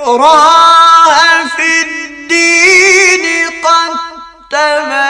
إكراه في الدين قد تمت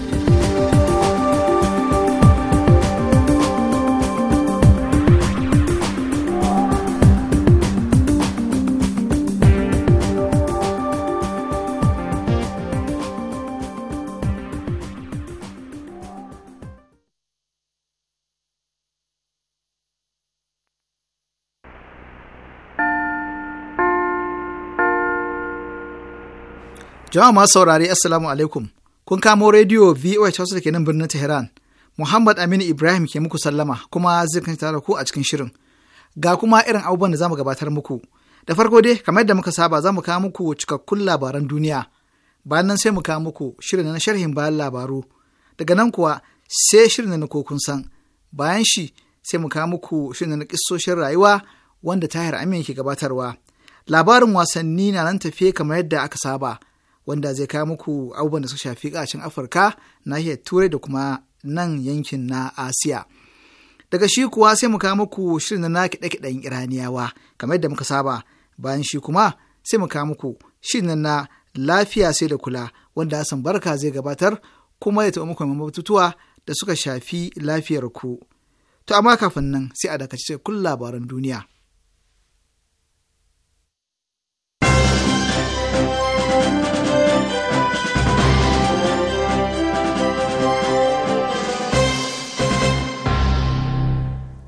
Jama'a masu saurari, Assalamu alaikum. Kun kamo rediyo VOA Hausa da ke nan birnin Tehran. Muhammad Aminu Ibrahim ke muku sallama kuma zai kan tara ku a cikin shirin. Ga kuma irin abubuwan da zamu gabatar muku. Da farko dai kamar yadda muka saba za mu kawo muku cikakkun labaran duniya. Bayan nan sai mu kawo muku shirin na sharhin bayan labaru. Daga nan kuwa sai shirin na kokun san. Bayan shi sai mu kawo muku shirin na kissoshin rayuwa wanda Tahir Aminu ke gabatarwa. Labarin wasanni na nan tafiye kamar yadda aka saba. wanda zai kawo muku abubuwan da suka shafi ƙasashen afirka nahiyar turai da kuma nan yankin na asiya daga shi kuwa sai mu kawo muku shirin na kiɗe-kiɗen iraniyawa kamar yadda muka saba bayan shi kuma sai mu kawo muku shirin na lafiya sai da kula wanda hassan barka zai gabatar kuma ya taɓa muku batutuwa da suka shafi lafiyar ku to amma kafin nan sai a dakaci kun labaran duniya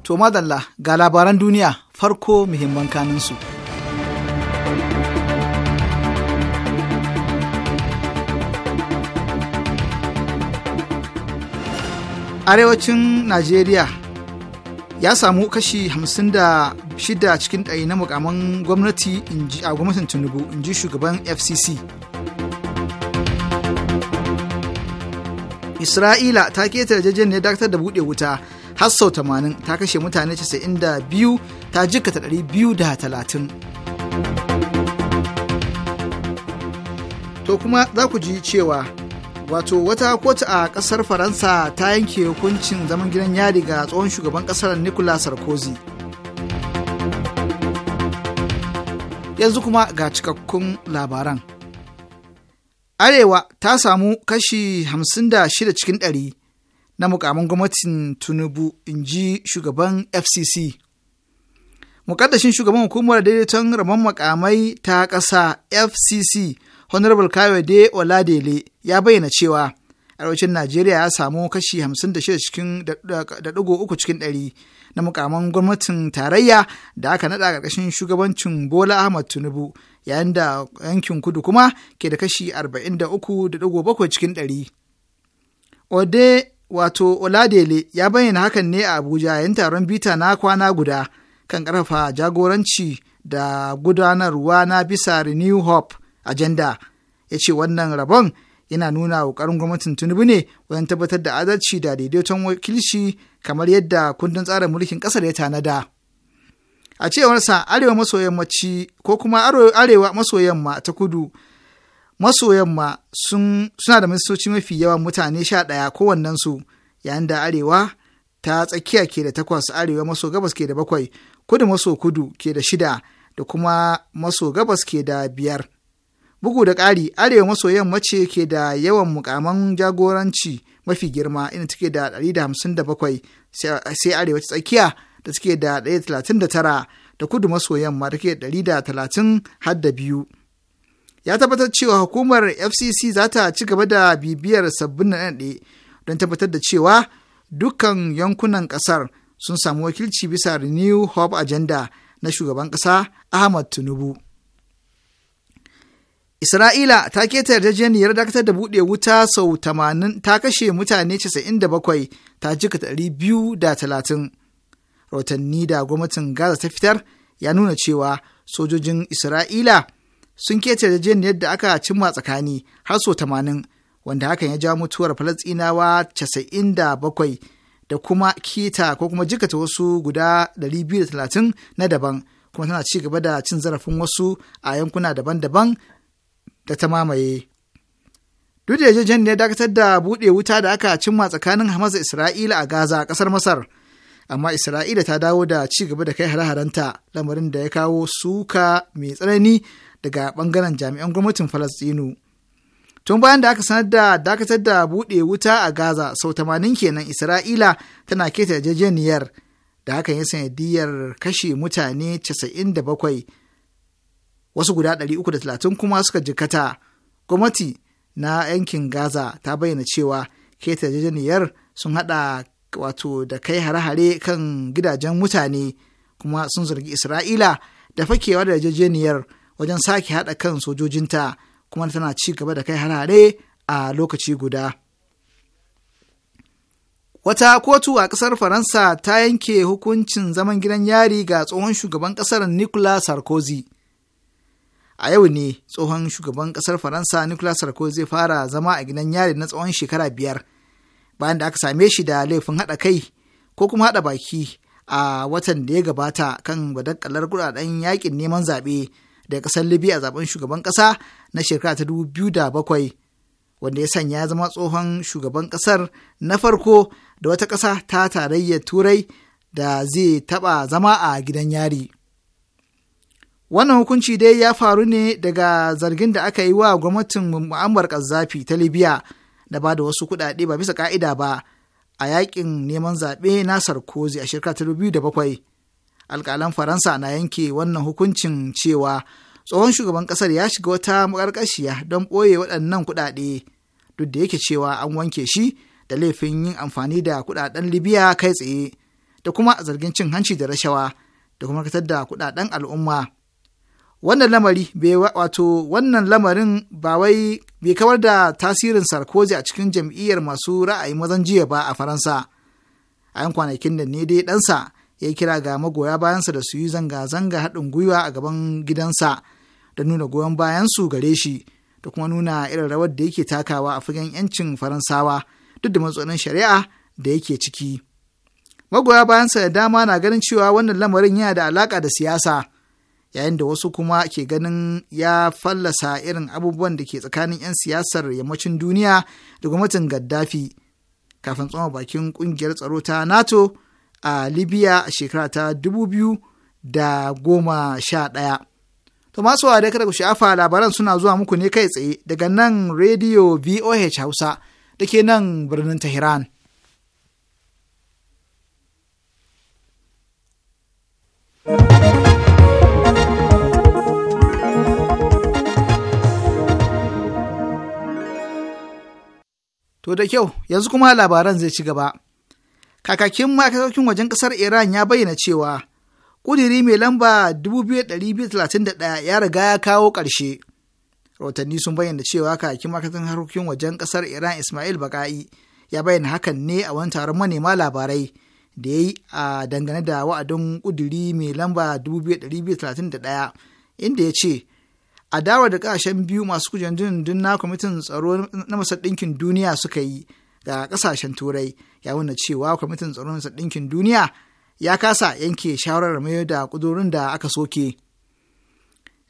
To madalla ga labaran duniya farko muhimman kaninsu. Arewacin Najeriya ya samu kashi shida cikin ɗari na mukaman gwamnati a gwamnatin Tinubu in ji shugaban FCC. Isra'ila ta jajen ne dakatar da buɗe wuta har sau 80 ta kashe mutane 92 ta jikata 230 to kuma za ku ji cewa wato wata kotu a ƙasar faransa ta yanke hukuncin zaman gidan yari ga tsohon shugaban kasar nicolas sarkozy yanzu kuma ga cikakkun labaran arewa ta samu kashi 56 cikin ɗari. na mukamin gwamnatin Tunubu, in ji shugaban FCC. Mukaddashin shugaban hukumar daidaiton rabon makamai ta ƙasa FCC Honorable Kayode Oladele ya bayyana cewa arewacin Najeriya ya samu kashi 56 cikin uku cikin ɗari na mukaman gwamnatin tarayya da aka naɗa ƙarƙashin shugabancin Bola Ahmad Tinubu yayin da yankin kudu kuma ke da kashi 43.7 cikin ɗari. Ode wato Oladele ya bayyana hakan ne a Abuja yayin taron bita na kwana guda kan ƙarfafa jagoranci da gudanarwa na bisa Renew Hope Agenda. Ya ce wannan rabon yana nuna ƙoƙarin gwamnatin Tinubu ne wajen tabbatar da adalci da daidaiton wakilci kamar yadda kundin tsarin mulkin ƙasar ya tanada. A cewarsa arewa maso yammaci ko kuma arewa maso yamma ta kudu yamma yamma suna da ministoci mafi yawan mutane sha ɗaya su yayin da arewa ta tsakiya ke da takwas arewa maso gabas ke da bakwai kudu maso kudu ke da shida da kuma maso gabas ke da biyar bugu da ƙari arewa maso yamma ce ke da yawan mukaman jagoranci mafi girma inda take da da da hamsin bakwai sai arewa ta tsakiya da take da 139 da talatin da da tara kudu maso yamma take da da talatin har da biyu. ya tabbatar cewa hukumar fcc za ta ci gaba da bibiyar sabbin naɗe don tabbatar da cewa dukkan yankunan ƙasar sun samu wakilci bisa new hub agenda na shugaban ƙasa ahmad tinubu isra'ila ta keta yarjejeniyar dakatar da buɗe wuta sau 80 ta kashe mutane 97 ta jika 230 rahotanni da gwamnatin gaza ta fitar ya nuna cewa sojojin isra'ila sun kece yarjejeniyar yadda aka cimma tsakani har so tamanin wanda hakan ya ja mutuwar falastinawa casa'in da bakwai da kuma kita ko kuma jikata wasu guda 230 na daban kuma tana ci gaba da cin zarafin wasu a yankuna daban-daban da ta mamaye. Duk da yajejen ne dakatar da buɗe wuta da aka cimma tsakanin Hamas da Isra'ila a Gaza a ƙasar Masar, amma Isra'ila ta dawo da ci gaba da kai hare-harenta lamarin da ya kawo suka mai tsanani daga bangaren jami'an gwamnatin Falastinu. Tun bayan da aka sanar da dakatar da buɗe wuta a Gaza sau tamanin kenan Isra'ila tana keta yarjejeniyar da hakan ya sanadiyar kashe mutane 97 wasu guda 330 kuma suka jikata. Gwamnati na yankin Gaza ta bayyana cewa keta yarjejeniyar sun hada wato da kai hare-hare kan gidajen mutane kuma sun zargi Isra'ila da fakewa da yarjejeniyar wajen sake haɗa kan sojojinta kuma tana ci gaba da kai harare a lokaci guda. Wata kotu a ƙasar Faransa ta yanke hukuncin zaman gidan yari ga tsohon shugaban ƙasar Nicolas Sarkozy. A yau ne tsohon shugaban ƙasar Faransa Nicolas Sarkozy zai fara zama a gidan yari na tsawon shekara biyar bayan da aka same shi da laifin haɗa kai ko kuma haɗa baki a watan da ya gabata kan badakkalar kuɗaɗen yaƙin neman zaɓe da ƙasar libya zaben shugaban kasa na shekara ta bakwai wanda ya sanya ya zama tsohon shugaban kasar na farko da wata kasa ta tarayyar turai da zai taba zama a gidan yari wannan hukunci dai ya faru ne daga zargin da aka yi wa gwamnatin mu'ammar kazafi ta libya da ba da wasu kuɗaɗe ba bisa ka'ida ba a yakin neman zaɓe na sarkozy a shekara ta alƙalan faransa na yanke wannan hukuncin cewa tsohon shugaban ƙasar ya shiga wata makarƙashiya don ɓoye waɗannan kuɗaɗe duk da yake cewa an wanke shi da laifin yin amfani da kuɗaɗen libya kai tsaye da kuma zargin cin hanci da rashawa da kuma fitar da kuɗaɗen al'umma wannan lamari wato wannan lamarin ba wai bai kawar da tasirin sarkozy a cikin jam'iyyar masu ra'ayi mazan jiya ba a faransa a yan kwanakin da ne dai ɗansa ya kira ga magoya bayansa da su yi zanga-zanga haɗin gwiwa a gaban gidansa da nuna goyon bayansu gare shi da kuma nuna irin rawar da yake takawa a fagen 'yancin faransawa duk da matsalolin shari'a da yake ciki magoya bayansa da dama na ganin cewa wannan lamarin yana da alaka da siyasa yayin da wasu kuma ke ganin ya fallasa irin abubuwan da ke tsakanin 'yan siyasar yammacin duniya da gwamnatin gaddafi kafin tsoma bakin kungiyar tsaro ta nato a libya a shekara ta dubu biyu da goma sha ɗaya. To masu wa kada ku sha'afa labaran suna zuwa muku ne kai tsaye daga nan rediyo VOH Hausa da ke nan birnin Tehran. To da kyau, yanzu kuma labaran zai ci gaba. Kakakin ma'aikatokin wajen ƙasar Iran ya bayyana cewa ƙuduri mai lamba 2231 ya riga ya kawo ƙarshe. Rahotanni sun bayyana cewa kakakin ma'aikatan harkokin wajen ƙasar Iran Ismail Baka'i ya bayyana hakan ne a wani taron manema labarai da ya yi a dangane da wa'adin Kuduri mai lamba 2231 inda ya ce a dawa da ƙasashen biyu masu kujen na kwamitin tsaro na masar ɗinkin duniya suka yi ga ƙasashen turai ya wanda cewa kwamitin tsaron ɗinkin duniya ya kasa yanke shawarar mai da kudurin da aka soke.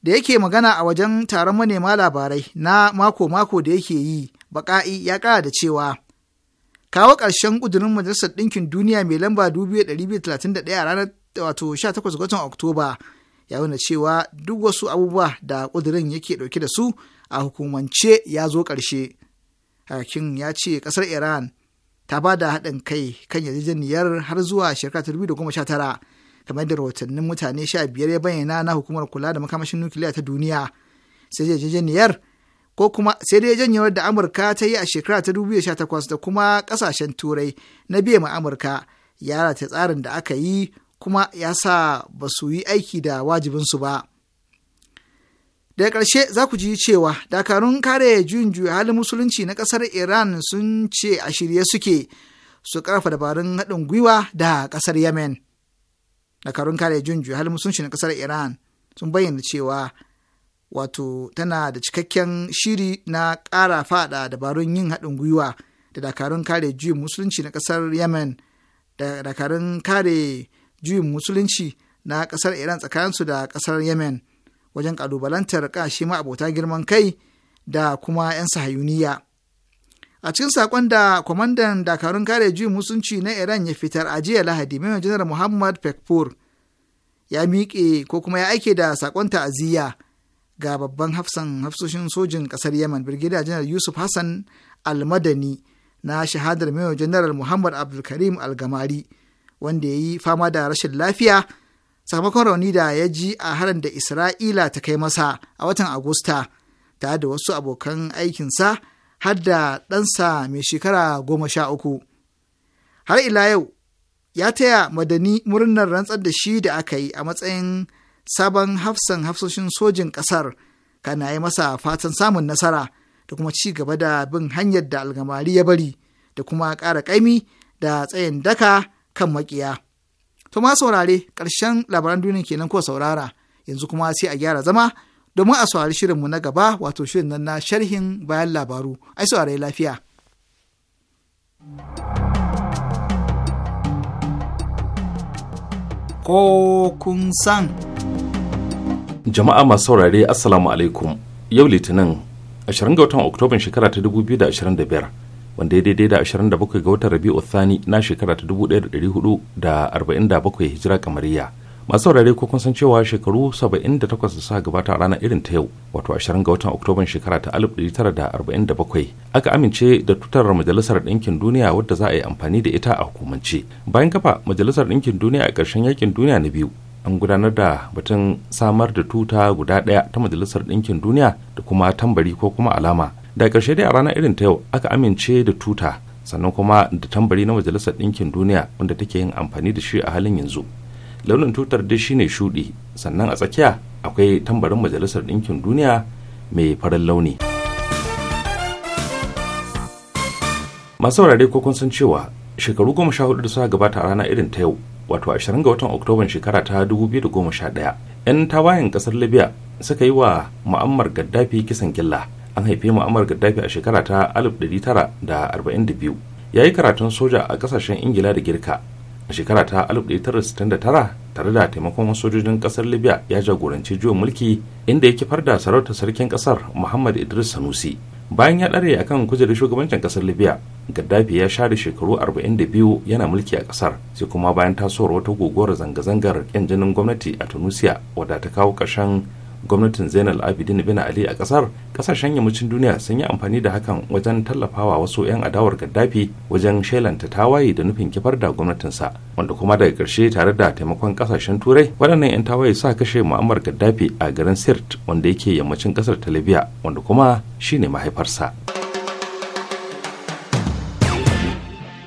Da yake magana a wajen taron manema labarai na mako-mako da yake yi, baƙa'i ya ƙara da cewa, kawo ƙarshen ƙudurin Majalisar Ɗinkin Duniya mai lamba 2231 a ranar wato 18 watan Oktoba, ya nuna cewa duk wasu abubuwa da ƙudurin yake ɗauke da su a hukumance ya zo ƙarshe. Hakim ya ce ƙasar Iran ta ba da haɗin kai kan yarjejeniyar har zuwa shekara ta tara kamar da rahotannin mutane sha biyar ya bayyana na hukumar kula da makamashin nukiliya ta duniya sai yarjejeniyar ko kuma sai dai yarjejeniyar da amurka ta yi a shekara ta takwas da kuma ƙasashen turai na biya ma amurka yara ta tsarin da aka yi kuma ya sa ba su yi aiki da wajibinsu ba. daga ƙarshe za ku ji cewa dakarun kare juyin juya halin musulunci na ƙasar iran sun ce a shirye suke su ƙarfa dabarun haɗin gwiwa da ƙasar yemen dakarun kare juyin juya halin musulunci na ƙasar iran sun bayyana cewa wato tana da cikakken shiri na ƙara faɗa dabarun yin haɗin gwiwa da dakarun kare juyin musulunci na ƙasar yemen da dakarun kare juyin musulunci na ƙasar iran tsakaninsu da ƙasar yemen wajen ƙalubalantar ƙashe abota girman kai da kuma 'yan sahayuniya. A cikin saƙon da kwamandan dakarun kare juyin musunci na Iran ya fitar a jiya Lahadi, mai janar Muhammad Pekpur ya miƙe ko kuma ya aike da saƙon ta'aziyya ga babban hafsan hafsoshin sojin ƙasar Yemen, Birgida Janar Yusuf Hassan Almadani na shahadar mai janar Muhammad Abdulkarim Algamari, wanda ya yi fama da rashin lafiya sakamakon rauni da ya ji a harin da isra'ila ta kai masa a watan agusta tare da wasu abokan aikinsa har da ɗansa mai shekara goma sha uku har ila yau ya taya madani murnar rantsar da shi da aka yi a matsayin sabon hafsan hafsoshin sojin ƙasar kana yi masa fatan samun nasara da kuma ci gaba da bin hanyar da algamari ya bari da kuma ƙara ƙaimi da tsayin daka kan maƙiya. To ma saurare ƙarshen labaran duniya kenan ko saurara yanzu kuma sai a gyara zama domin a saurari shirinmu na gaba wato shirin nan na sharhin bayan labaru ai saurare lafiya. Ko kun san. Jama'a masu saurare Assalamu alaikum yau Litinin 20 ga watan Oktoba shekara ta 2025 wanda ya daidai da 27 ga watan rabi'u thani na shekara ta 1447 hijira kamariya masu saurare ko kun san cewa shekaru 78 da suka gabata a ranar irin ta yau wato 20 ga watan oktoban shekara ta 1947 aka amince da tutar majalisar ɗinkin duniya wadda za a yi amfani da ita a hukumance bayan kafa majalisar ɗinkin duniya a ƙarshen yakin duniya na biyu an gudanar da batun samar da tuta guda ɗaya ta majalisar ɗinkin duniya da kuma tambari ko kuma alama da ƙarshe dai a rana irin ta yau aka amince da tuta sannan kuma da tambari na majalisar ɗinkin duniya wanda take yin amfani da shi a halin yanzu launin tutar dai shine shuɗi sannan a tsakiya akwai tambarin majalisar ɗinkin duniya mai farin launi masu saurare ko kun san cewa shekaru goma sha hudu da suka gabata a rana irin ta yau wato 20 ga watan oktoban shekara ta 2011 'yan tawayen kasar libya suka yi wa mu'ammar gaddafi kisan gilla an haife mu'ammar gaddafi a shekara ta 1942 ya yi karatun soja a kasashen ingila da girka a shekara ta 1969 tare da taimakon sojojin kasar libya ya jagoranci juyin mulki inda ya kifar da sarautar sarkin kasar muhammad idris sanusi bayan ya ɗare akan kujerar shugabancin kasar libya gaddafi ya share shekaru 42 yana mulki a kasar sai kuma bayan tasowar wata guguwar zanga-zangar yan jinin gwamnati a tunisia wadda ta kawo ƙarshen gwamnatin zainal abidin bin ali a kasar kasashen yammacin duniya sun yi amfani da hakan wajen tallafawa wasu 'yan adawar gaddafi wajen shelanta tawaye da nufin kifar da gwamnatinsa wanda kuma daga karshe tare da taimakon kasashen turai waɗannan 'yan tawaye sa kashe mu'ammar gaddafi a garin sirt wanda yake yammacin kasar ta wanda kuma shine mahaifarsa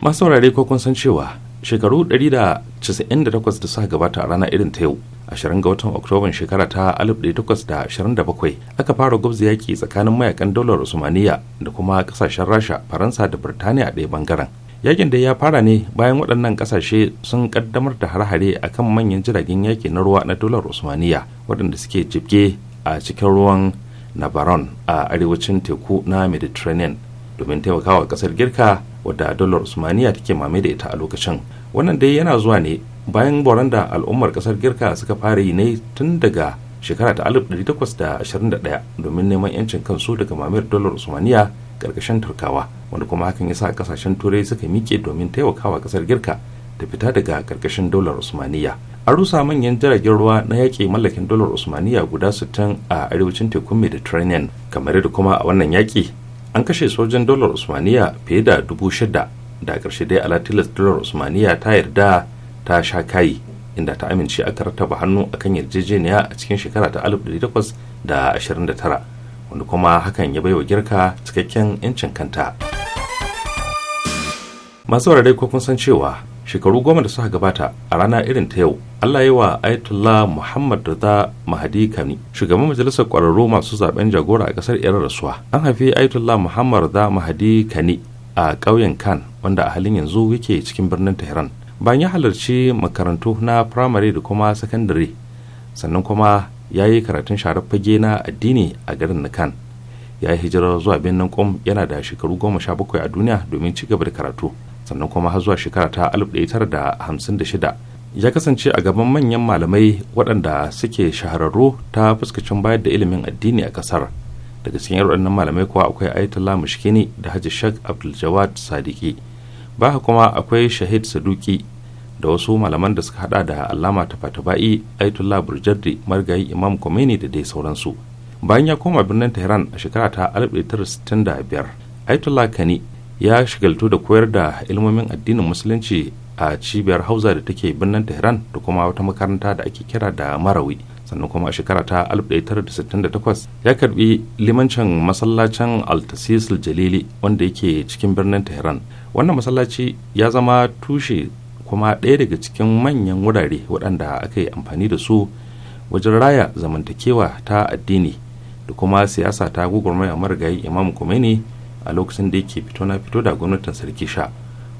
masu saurare ko kun san cewa shekaru 198 da suka gabata a rana irin ta yau 20 ga watan oktoban shekara ta 1827 aka fara gwabza yaki tsakanin mayakan daular usmaniya da kuma kasashen rasha faransa da birtaniya daya ɗaya bangaren yakin da ya fara ne bayan waɗannan ƙasashe sun ƙaddamar da hare-hare a kan manyan jiragen yaki na ruwa na dolar usmaniya waɗanda suke jibge a cikin ruwan navarone a arewacin teku na mediterranean domin taimakawa ƙasar girka wadda dalar usmaniya take mame da ita a lokacin wannan dai yana zuwa ne bayan boron da al'ummar kasar girka suka fara yi ne tun daga shekara ta 1821 domin neman yancin kansu daga mamayar dalar usmaniya karkashin turkawa wanda kuma hakan yasa kasashen turai suka miƙe domin taimakawa kasar girka ta fita daga karkashin dalar usmaniya an rusa manyan jiragen ruwa na yaƙi mallakin dalar usmaniya guda 60 a arewacin tekun mediterranean kamar da kuma a wannan yaƙi an kashe sojan dolar usmaniya fiye da dubu shida da karshe dai tilas dolar usmaniya ta yarda ta sha kayi inda ta amince aka rataba hannu akan yarjejeniya a cikin shekara ta alif da ashirin tara wanda kuma hakan ya baiwa girka cikakken 'yancin kanta masu dai ko kun san cewa shekaru goma da suka gabata a rana irin ta yau allah yi wa aitullah muhammad rida mahadi kani shugaban majalisar kwararru masu zaben jagora a ƙasar iran rasuwa an haifi aitula muhammad rida mahadi kani a ƙauyen kan wanda a halin yanzu yake cikin birnin tehran bayan ya halarci makarantu na firamare da kuma sakandare sannan kuma ya yi karatun sharar fage na addini a garin na kan ya yi hijirar zuwa birnin kum yana da shekaru goma sha bakwai a duniya domin ci gaba da karatu sannan kuma har zuwa shekara ta 1956 ya kasance a gaban manyan malamai waɗanda suke shahararru ta fuskacin bayar da ilimin addini a ƙasar daga cikin waɗannan malamai kuwa akwai ayatollah mushkini da haji shak abduljawad sadiki ba kuma akwai shahid saduki da wasu malaman da suka hada da allama fatabai ayatollah burjardi margayi imam komeni da dai sauransu bayan ya koma birnin tehran a shekara ta 1965 ayatollah kani ya shigaltu da koyar da ilmomin addinin musulunci a cibiyar hausa da take birnin tehran da kuma wata makaranta da ake kira da marawi sannan kuma a shekara ta 1968 ya karbi limancin masallacin altasisul jalili wanda yake cikin birnin tehran wannan masallaci ya zama tushe kuma ɗaya daga cikin manyan wurare waɗanda aka yi amfani da su wajen raya zamantakewa ta addini da kuma siyasa ta gugurmaya marigayi imam Khomeini a lokacin da yake fito na fito da gwamnatin sarki sha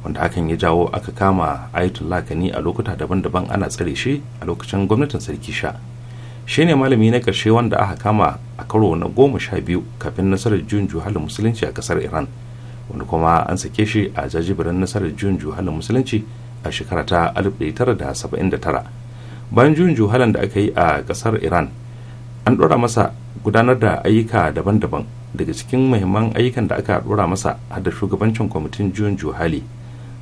wanda hakan ya jawo aka kama ayatollah kani a lokuta daban-daban ana tsare shi a lokacin gwamnatin sarki sha shi ne malami na karshe wanda aka kama a karo na goma sha biyu kafin nasarar jun juhalin musulunci a ƙasar iran wanda kuma an sake shi a jajibirin nasarar jun juhalin musulunci a shekara ta 1979 bayan jun juhalin da aka yi a ƙasar iran an ɗora masa gudanar da ayyuka daban-daban daga cikin muhimman ayyukan da aka dora masa har da shugabancin kwamitin juyin juhali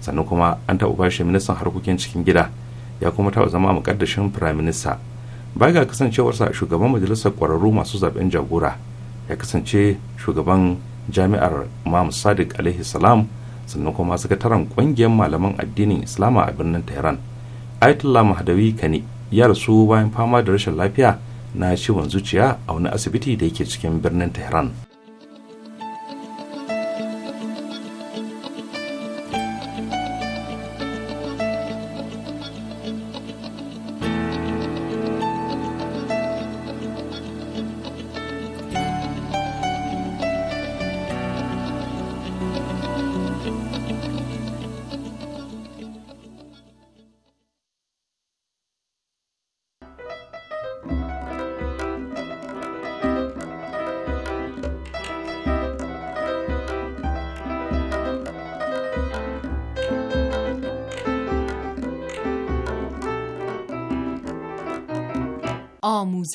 sannan kuma an taɓa bashi ministan harkokin cikin gida ya kuma taɓa zama mukaddashin firaminista ba ga kasancewarsa shugaban majalisar kwararru masu zaben jagora ya kasance shugaban jami'ar mamu sadiq alaihi salam sannan kuma sakataren ƙungiyar malaman addinin islama a birnin tehran ayatollah mahadawi kani ya rasu bayan fama da rashin lafiya na ciwon zuciya a wani asibiti da yake cikin birnin tehran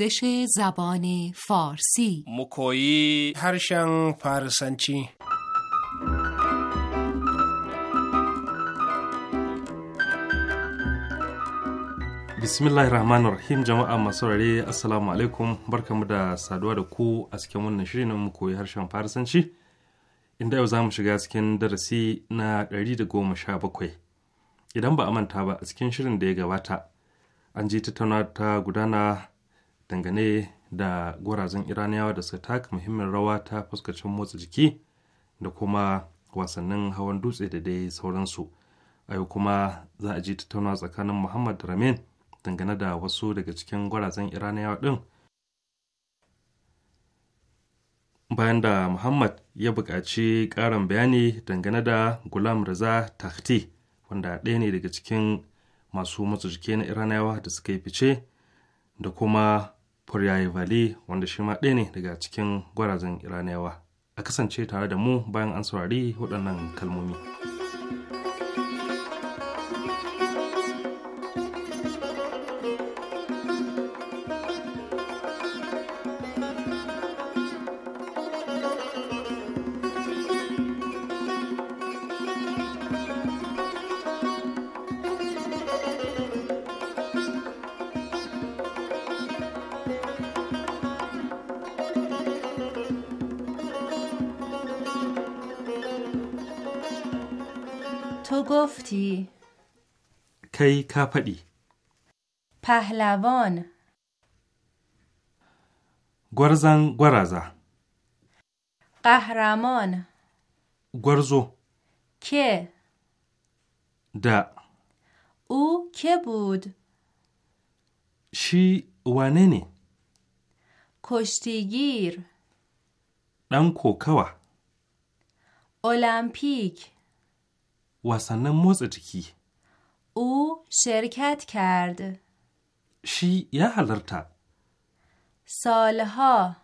آموزش زبان فارسی مکویی harshen فارسنچی bismillahir rahmanir rahim jama'a masu rare assalamu alaikum barkamu da saduwa da ku a cikin wannan shirin na mu koyi harshen farisanci inda yau za mu shiga cikin darasi na da goma sha 117 idan ba a manta ba a cikin shirin da ya gabata an je tattauna ta gudana dangane da gwarazan iraniyawa da suka taka muhimmin rawa ta fuskacin motsa jiki da kuma wasannin hawan dutse da dai sauransu a yau kuma za a ji tattauna tsakanin muhammad da ramin dangane da wasu daga cikin gwarazan iraniyawa din bayan da muhammad ya buƙaci ƙarin bayani dangane da gulam raza tahti wanda ɗaya ne daga cikin masu motsa jiki na iraniyawa da suka yi fice da kuma Furyayi Vali wanda shi ma ɗaya ne daga cikin gwarazan Iraniyawa. A kasance tare da mu bayan an saurari waɗannan kalmomi. kai ka faɗi. Pahlawan. Gwarzan gwaraza. Kahramon! Gwarzo. Ke. Da. U ke bud. Shi wane ne? Kushtigir. Ɗan kokawa. Olamfik. Wasannin motsa jiki. او شرکت کرد شی یا سالها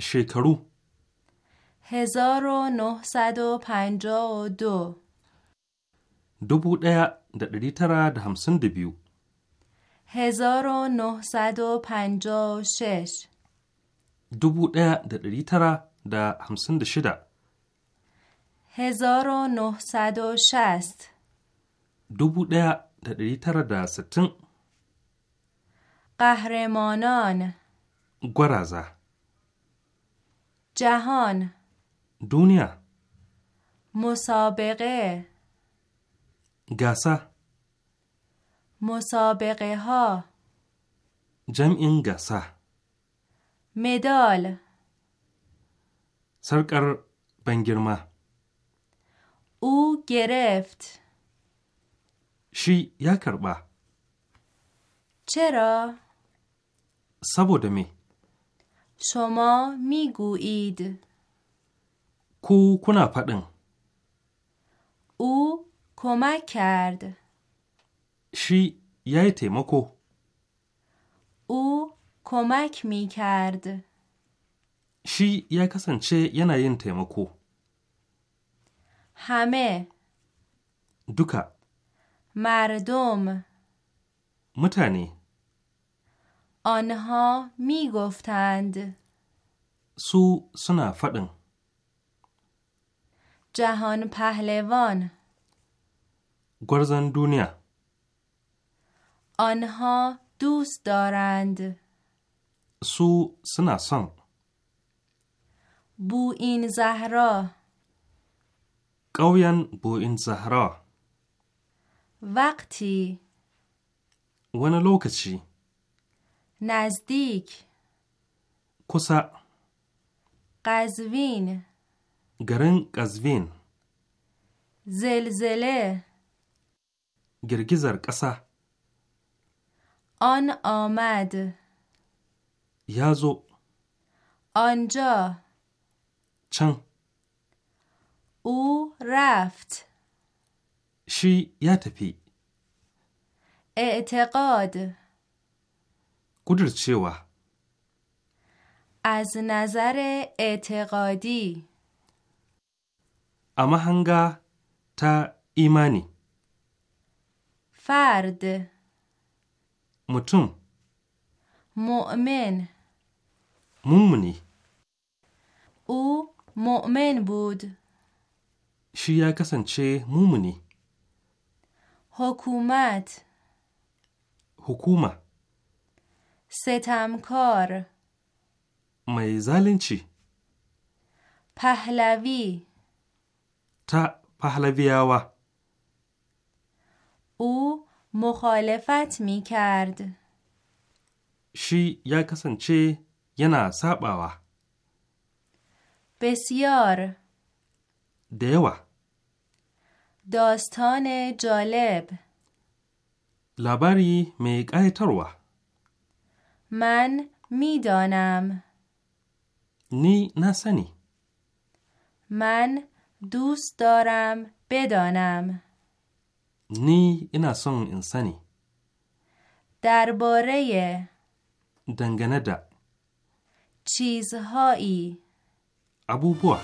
شکرو هزار و نهصد و پنجا و دو دو بود ایا در دیترا در همسن دبیو هزار و نهصد و پنجا و شش دو بود ایا در دیترا در همسن دشده هزار و نهصد و شست دوبو قهرمانان گرازه جهان دنیا مسابقه گسه مسابقه ها جمع گسه مدال سرکر بنگرما او گرفت shi ya karɓa. Cera? Saboda me? Soma miguid. Ku kuna faɗin? U koma kard. Shi ya yi taimako? U komak mi kard. Shi ya kasance yana yin taimako. Hame. Duka. مردم متنی آنها می گفتند سو سنا فدن جهان پهلوان گرزن دنیا آنها دوست دارند سو سنا سن بو این زهرا قویان بو این زهرا وقتی wani lokaci نزدیک kusa قزوین garin قزوین زلزله girgizar ƙasa آن آمد یا zo آنجا چن او رفت شی یا تپی اعتقاد قدرچیوه از نظر اعتقادی اما هنگا تا ایمانی فرد متون مؤمن مؤمنی او مؤمن بود شی یا کسانچه مؤمنی حکومت حکومه ستمکار mai zalunci pahlavi ta pahlaviyawa او مخالفت می کرد شی یا کسانچه ینا ساباوا بسیار دیوه داستان جالب لبری میگه تروه من میدانم نی نسنی من دوست دارم بدانم نی اینا سون انسانی درباره دنگنده چیزهایی ابوبوه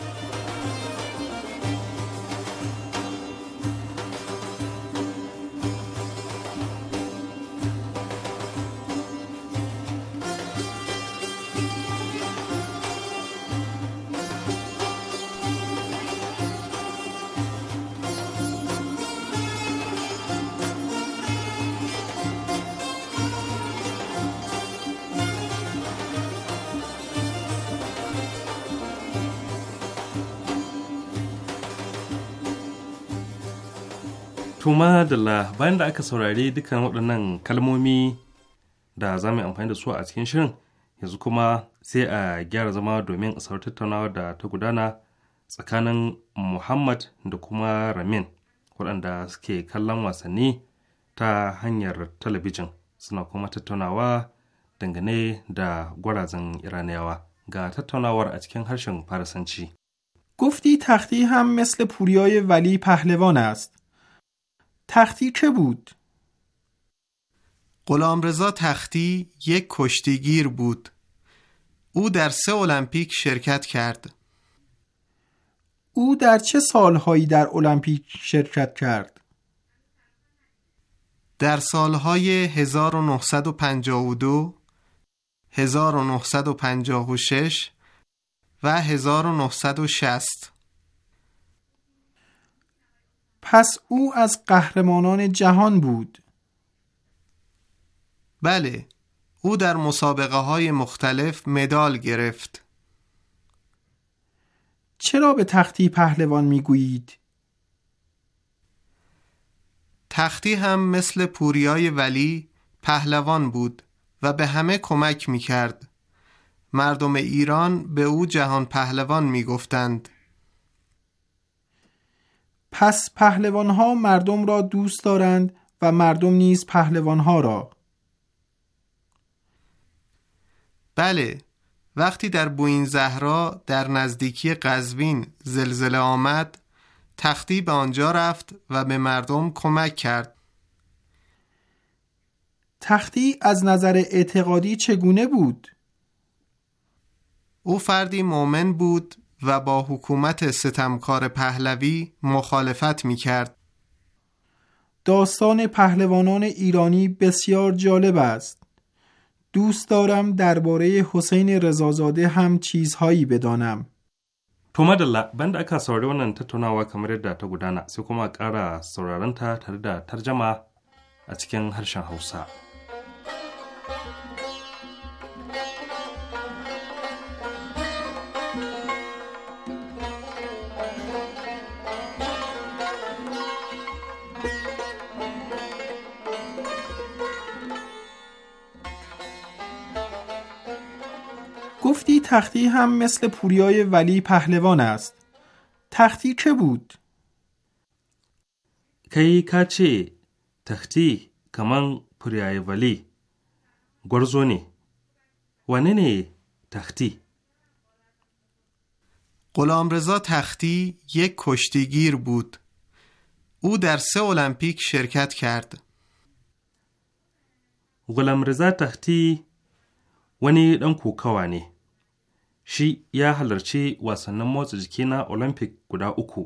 Kuma da bayan da aka saurari dukkan waɗannan kalmomi da za mu amfani da su a cikin shirin yanzu kuma sai a gyara zama domin a sauri tattaunawa da ta gudana tsakanin Muhammad da kuma Ramin waɗanda suke kallon wasanni ta hanyar talabijin suna kuma tattaunawa dangane da gwarazan Iraniyawa ga tattaunawar a cikin harshen farasanci. gufti تختی ham مثل پوریای ولی پهلوان است. تختی که بود؟ غلامرضا تختی یک کشتیگیر بود. او در سه المپیک شرکت کرد. او در چه سالهایی در المپیک شرکت کرد؟ در سالهای 1952 1956 و 1960 پس او از قهرمانان جهان بود بله او در مسابقه های مختلف مدال گرفت چرا به تختی پهلوان می گویید؟ تختی هم مثل پوریای ولی پهلوان بود و به همه کمک می کرد. مردم ایران به او جهان پهلوان می گفتند. پس پهلوانها مردم را دوست دارند و مردم نیز پهلوانها را بله وقتی در بوین زهرا در نزدیکی قزوین زلزله آمد تختی به آنجا رفت و به مردم کمک کرد تختی از نظر اعتقادی چگونه بود؟ او فردی مؤمن بود و با حکومت ستمکار پهلوی مخالفت می کرد. داستان پهلوانان ایرانی بسیار جالب است. دوست دارم درباره حسین رضازاده هم چیزهایی بدانم. To madalla banda aka saurari wannan tattaunawa kamar yadda ta gudana sai kuma ƙara sauraronta tare da tarjama cikin تختی هم مثل پوریای ولی پهلوان است. تختی چه بود؟ کی کچه تختی کمان پوریای ولی گرزونی ونی تختی غلامرضا تختی یک کشتیگیر بود. او در سه المپیک شرکت کرد. غلامرضا تختی ونی دان شی یا halarci wasannin motsa jiki na المپیک guda اوکو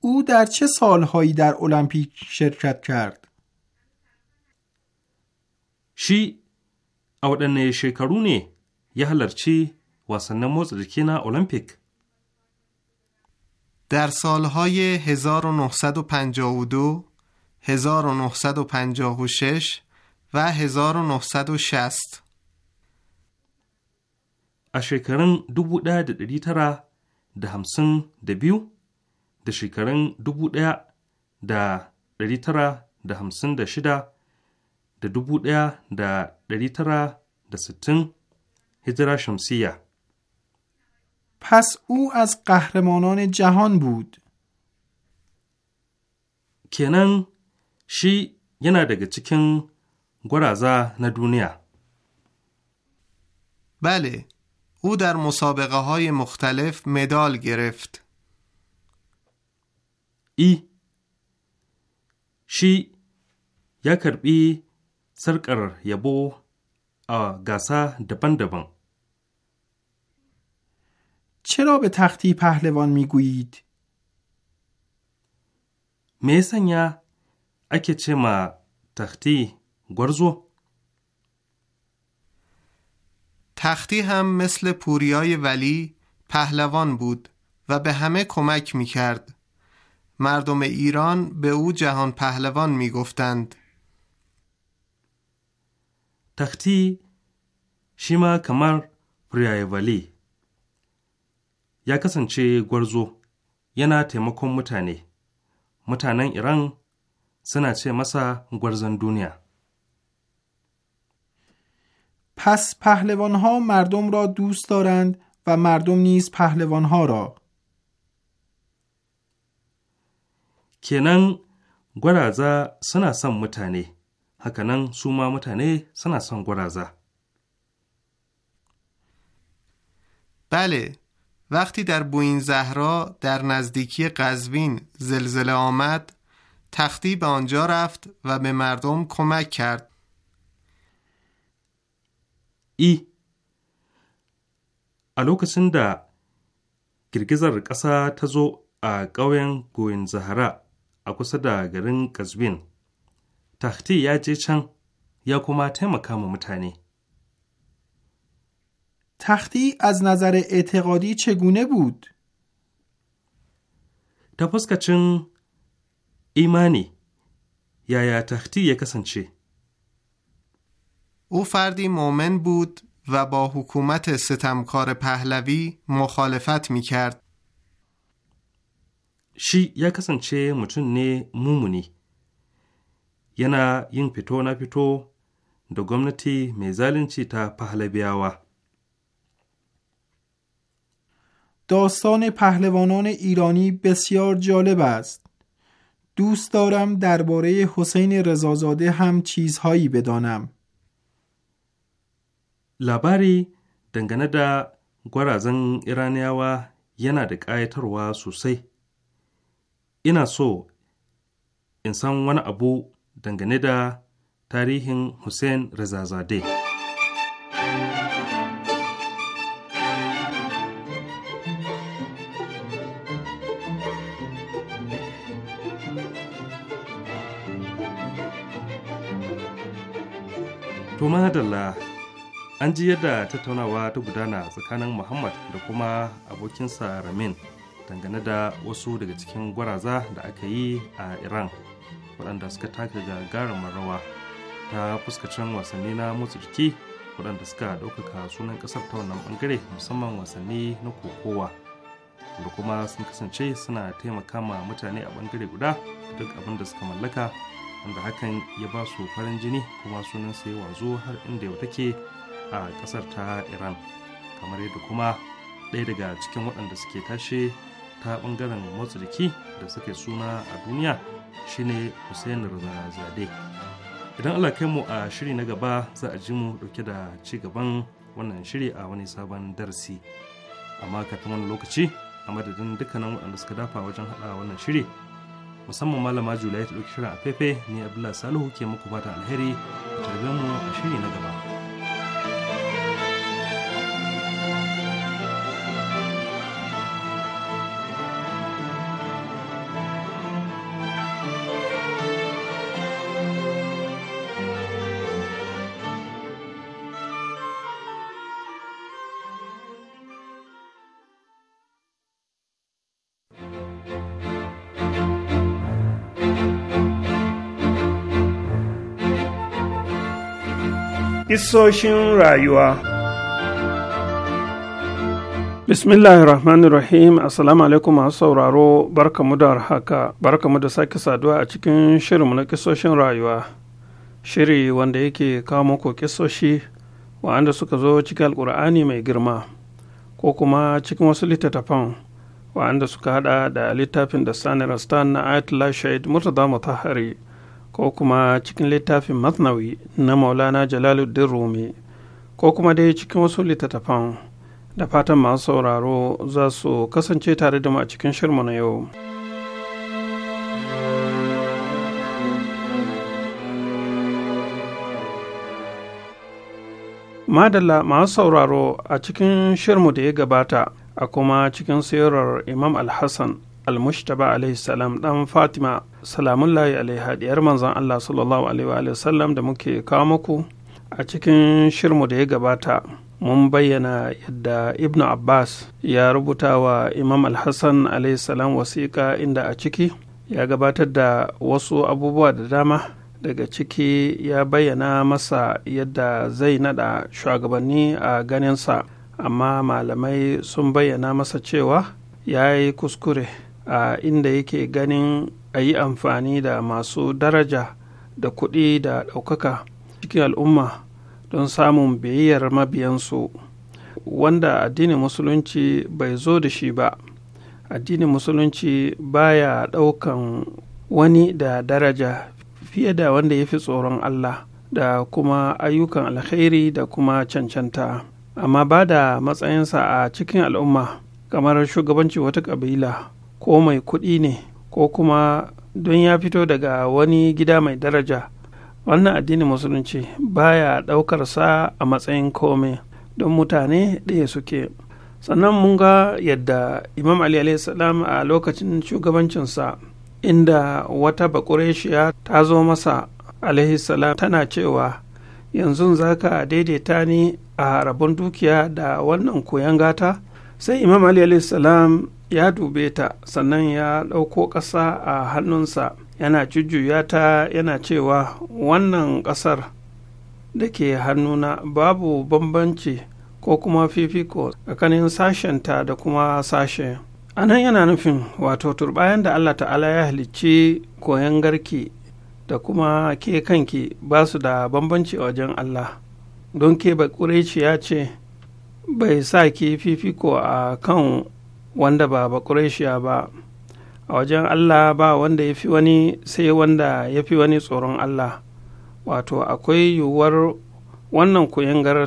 او در چه سالهایی در المپیک شرکت کرد؟ شی او دنه شکرونه یا هلرچی واسنن موز جکی المپیک در سالهای 1952 1956 و 1960 a shekarun 1952 da shekarun 1956 da 1960 هجرا شمسیه پس او از قهرمانان جهان بود کنن شی یه دگه چکن گرازه ندونیا بله او در مسابقه های مختلف مدال گرفت ای شی یا کربی سرکر یبو گاسا دبن دبن چرا به تختی پهلوان میگویید؟ میسن یا اکه چه ما تختی گرزو؟ تختی هم مثل پوریای ولی پهلوان بود و به همه کمک می کرد. مردم ایران به او جهان پهلوان می گفتند. تختی شیما کمر پوریای ولی یا کسانچه گرزو نا تیمکون متانی متانن ایران سنا چه مسا گرزن دنیا پس ها مردم را دوست دارند و مردم نیز ها را کنن گرازا سنا سم متانه هکنن سوما متانه سنا سم بله وقتی در بوین زهرا در نزدیکی قزوین زلزله آمد تختی به آنجا رفت و به مردم کمک کرد I. a lokacin da girgizar ƙasa ta zo a ƙauyen goyin zahara a kusa da garin Kazbin, tahti ya je can ya kuma taimaka ma mutane. تختی از نظر اعتقادی چگونه بود؟ ta fuskacin imani yaya tahti ya kasance? او فردی مؤمن بود و با حکومت ستمکار پهلوی مخالفت می کرد. شی یا چه مچون نه مومونی پیتو yin پیتو دو fito da gwamnati چی تا پهلوی داستان پهلوانان ایرانی بسیار جالب است. دوست دارم درباره حسین رضازاده هم چیزهایی بدانم. labari dangane da gwarazan iraniyawa yana da ƙayatarwa sosai ina so in san wani abu dangane da tarihin hussein rezazadeh To madalla an ji yadda tattaunawa ta gudana tsakanin muhammad da kuma abokinsa ramin dangane da wasu daga cikin gwaraza da aka yi a iran waɗanda suka taka gagarin rawa ta fuskacin wasanni na motsa jiki waɗanda suka ɗaukaka sunan ƙasar ta wannan ɓangare musamman wasanni na kokowa da kuma sun kasance suna taimaka ma mutane a ɓangare guda duk abin da suka mallaka wanda hakan ya ba su farin jini kuma sunan sayi wazo har inda yau take a ƙasar ta iran kamar yadda kuma ɗaya daga cikin waɗanda suke tashe ta ɓangaren motsa jiki da suke suna a duniya shine hussein razade idan allah kai mu a shiri na gaba za a ji mu ɗauke da ci gaban wannan shiri a wani sabon darasi amma ta wani lokaci a madadin dukkanin waɗanda suka dafa wajen haɗa wannan shiri musamman malama julai ta ɗauki shirin a fefe ni abdullahi salihu ke muku fatan alheri a mu a shiri na gaba Isoshin rayuwa Bismillahirrahmanirrahim Assalamu alaikum masu sauraro barkamu da haka barkamu da sake saduwa a cikin shirinmu na kisoshin rayuwa shiri wanda yake kawo muku kisoshi wa'anda suka zo cikin alkur'ani mai girma ko kuma cikin wasu littattafan wa'anda suka hada da littafin da sani rastan na ayatollah shahid Murtada mutahari ko kuma cikin littafin masnawi na maulana jalaluddin rumi ko kuma dai cikin wasu littattafan da fatan masu sauraro za su kasance tare da mu a cikin shirmu na yau. madalla masu sauraro a cikin shirmu da ya gabata a kuma cikin sayarar imam alhassan almushtaba alaihi salam dan fatima salamullahi alaiha diyar manzon allah sallallahu alaihi wa sallam da muke kawo muku a cikin shirmu da ya gabata mun bayyana yadda ibn abbas ya rubuta wa imam Al-Hassan alaihi salam wasiƙa inda a ciki ya gabatar da wasu abubuwa da dama daga ciki ya bayyana masa yadda zai nada shugabanni a ganinsa amma malamai sun bayyana masa cewa ya yi kuskure a inda yake ganin a yi amfani da masu daraja da kuɗi da ɗaukaka cikin al'umma don samun biyayyar mabiyansu wanda addinin musulunci bai zo da shi ba addinin musulunci baya ɗaukan wani da daraja fiye da wanda ya fi tsoron allah da kuma ayyukan alkhairi da kuma cancanta amma ba da matsayinsa a cikin al'umma kamar shugabanci wata ƙabila ko mai kuɗi ne ko kuma don ya fito daga wani gida mai daraja wannan addinin musulunci baya ɗaukar sa a matsayin komai. don mutane ɗaya suke sannan mun ga yadda imam ali salam a lokacin shugabancinsa inda wata bakureshiya ta zo masa salam tana cewa yanzu za ka daidaita ni a rabon dukiya da wannan koyan gata sai imam ali salam ya dube ta sannan ya ɗauko ƙasa a hannunsa yana jujjuya ta yana cewa wannan ƙasar da ke hannuna babu bambanci ko kuma fifiko tsakanin ta da kuma sashe a nan yana nufin wato turbayan da allah ta'ala ya halicci koyon garki da kuma ke kanki ba su da bambanci wajen allah don ke ba ya ce bai sa ki fifiko a kan wanda ba bakureshiya ba a wajen allah ba wanda ya fi wani sai wanda ya fi wani tsoron allah wato akwai yiwuwar wannan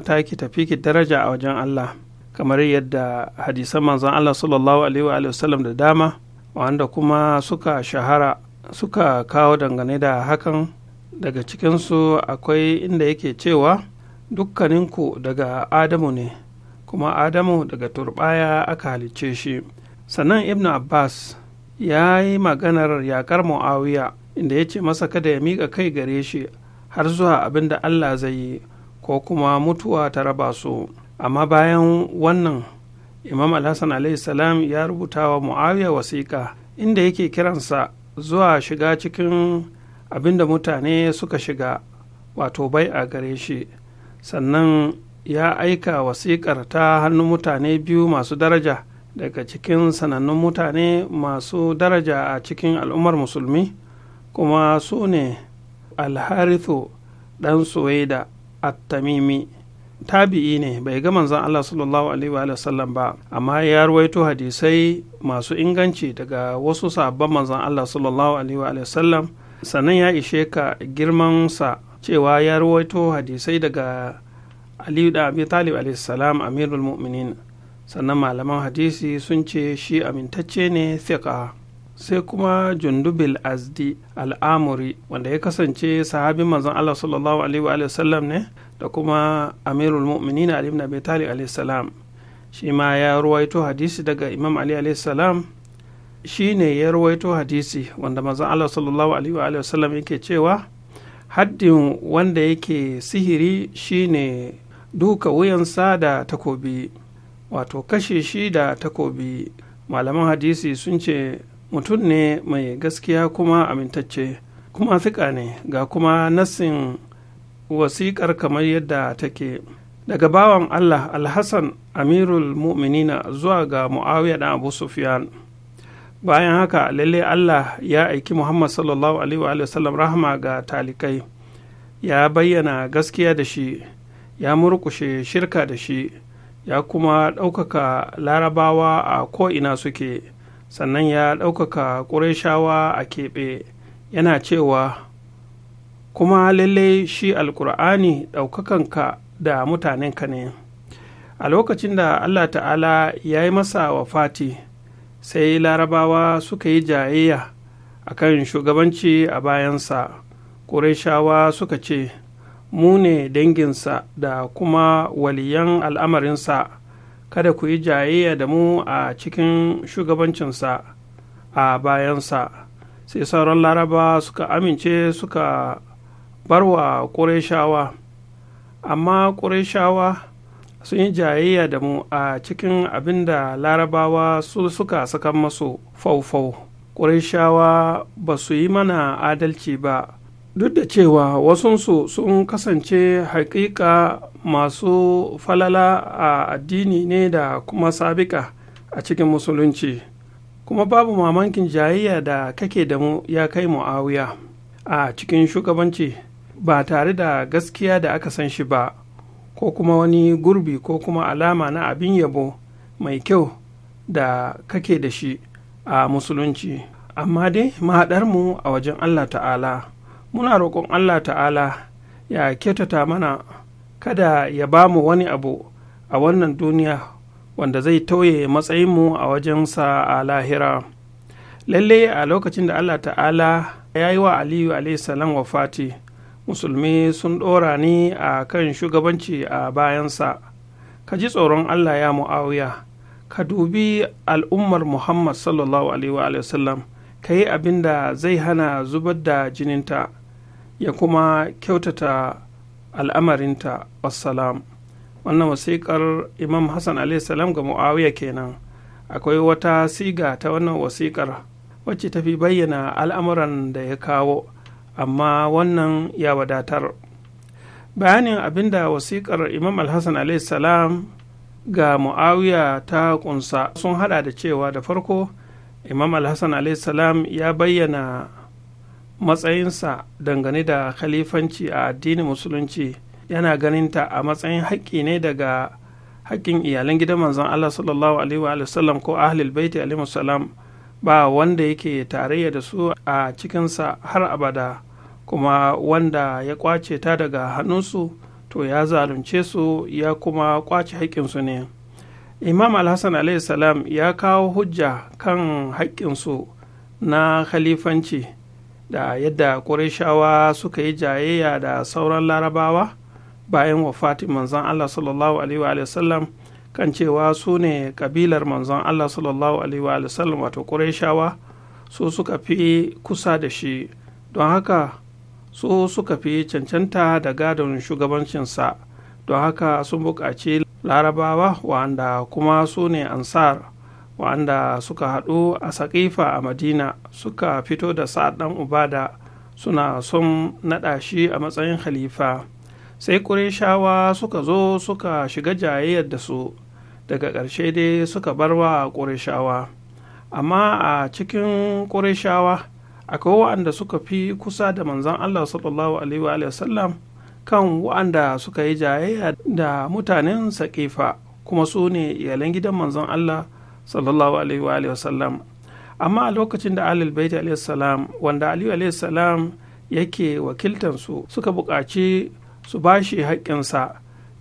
ta ki tafi ki daraja a wajen allah kamar yadda hadisan manzon allah sallallahu alaihi wa wasallam da dama wanda kuma suka shahara suka kawo dangane da hakan daga cikinsu akwai inda yake cewa dukkaninku daga adamu ne kuma adamu daga turɓaya aka halicce shi sannan ibn abbas ya yi maganar Yaƙar muawiya inda ya ce masa kada ya miƙa kai gare shi har zuwa abin da allah zai yi ko kuma mutuwa ta raba su amma bayan wannan imam alhassan salam ya rubuta wa muawiya wasiƙa inda yake kiransa zuwa shiga cikin abin da mutane suka shiga wato bai a gare shi sannan ya aika wasiƙar ta hannun mutane biyu masu daraja daga cikin sanannun mutane masu daraja a cikin al'ummar musulmi kuma su ne alharithu ɗan suwaida attamimi. tabi'i ne bai ga manzon Allah sallallahu alaihi wa sallam ba amma ya rawaito hadisai masu inganci daga wasu sabon manzon Allah sallallahu alaihi wa sallam sannan ya ishe ka girman sa cewa ya rawaito hadisai daga aliyu da abi talib salam amirul mu'minin sannan malaman hadisi sun ce shi amintacce ne thiqa sai kuma jundubil azdi al'amuri wanda ya kasance sahabin manzon allah sallallahu alaihi wa sallam ne da kuma amirul mu'minin ali ibn abi talib salam shi ma ya ruwaito hadisi daga imam ali salam shi ne ya ruwaito hadisi wanda manzon allah sallallahu alaihi wa sallam yake cewa haddin wanda yake sihiri shine duka wuyansa da takobi wato kashe shi da takobi malaman hadisi sun ce mutum ne mai gaskiya kuma amintacce kuma fika ne ga kuma nassin wasiƙar kamar yadda take daga bawan allah alhassan amirul mu'minina zuwa ga mu'awiya da abu sufyan bayan haka lalle allah ya aiki muhammad sallallahu alaihi wa sallam rahama ga talikai ya bayyana gaskiya da shi ya murkushe shirka da shi ya kuma ɗaukaka larabawa a ko'ina suke sannan ya ɗaukaka ƙureshawa a keɓe yana cewa kuma lallai shi Alƙur'ani ɗaukakan ka da mutanenka ne a lokacin da allah ta'ala ya yi masa wafati sai larabawa suka yi jayayya akan shugabanci a bayansa ƙureshawa suka ce mu ne danginsa da kuma waliyan al'amarinsa kada ku yi jayayya da mu a cikin shugabancinsa a bayansa sai sauran laraba suka amince suka barwa ƙureshawa amma ƙureshawa sun yi jayayya da mu a cikin abin da larabawa su suka saka masu faufau ƙureshawa ba su yi mana adalci ba duk da cewa wasunsu sun kasance hakika masu falala a addini ne da kuma sabika a cikin musulunci kuma babu mamakin jayayya da kake da mu ya kai mu'awiya a cikin shugabanci ba tare da gaskiya da aka san shi ba ko kuma wani gurbi ko kuma alama na abin yabo mai kyau da kake da shi a musulunci amma dai mahaɗarmu a wajen allah ta'ala muna roƙon allah ta'ala ya kyautata mana kada ya ba mu wani abu a wannan duniya wanda zai tauye matsayinmu a wajensa a lahira Lallai a lokacin da allah ta'ala ya yi wa aliyu salam wafati musulmi sun ɗora ni a kan shugabanci a bayansa ka ji tsoron allah ya mu'awiya ka dubi al'ummar muhammad sallallahu alaihi wa sallam ka yi abin da zai hana zubar da jininta ya kuma kyautata al'amarinta wassalam wannan wasiƙar imam hassan salam ga mu'awiya kenan akwai wata siga ta wannan wasiƙar wacce tafi bayyana al'amuran da ya kawo amma wannan ya wadatar bayanin abin da wasiƙar imam alhassan salam ga mu'awiya ta ƙunsa sun hada da cewa da farko imam alhassan salam ya bayyana matsayinsa dangane da khalifanci a addinin musulunci yana ganinta a matsayin haƙƙi ne daga haƙƙin iyalan gidan manzon allah sallallahu alaihi wa ko ahlul baiti alaihi salam ba wanda yake tarayya da su a cikinsa har abada kuma wanda ya kwace ta daga hannunsu to ya zalunce su ya kuma kwace haƙƙinsu ne imam alhassan salam ya kawo hujja kan haƙƙinsu na khalifanci da yadda ƙurashawa suka yi jayayya da sauran larabawa bayan wafatin manzon allah sallallahu alaihi wa sallam kan cewa su ne kabilar manzon allah sallallahu alaihi wa sallam wato ƙurashawa su suka fi kusa da shi don haka su suka fi cancanta da gadon shugabancinsa don haka sun buƙaci larabawa wa'anda kuma su ne ansar wa'anda suka haɗu a saƙifa a madina suka fito da sa'ad ubada suna son naɗa shi a matsayin khalifa sai ƙurishawa suka zo suka shiga jayayyar da su daga ƙarshe dai suka bar wa ƙurishawa amma a cikin ƙurishawa akwai wa'anda suka fi kusa da manzan allah sallallahu alaihi wa sallam kan waɗanda suka yi jayayya da mutanen saƙifa kuma su ne iyalan gidan manzon Allah sallallahu alaihi wa wasallam amma a lokacin da alil baiti alaihi salam wanda aliyu alaihi salam yake su suka buƙaci su bashi haƙƙin sa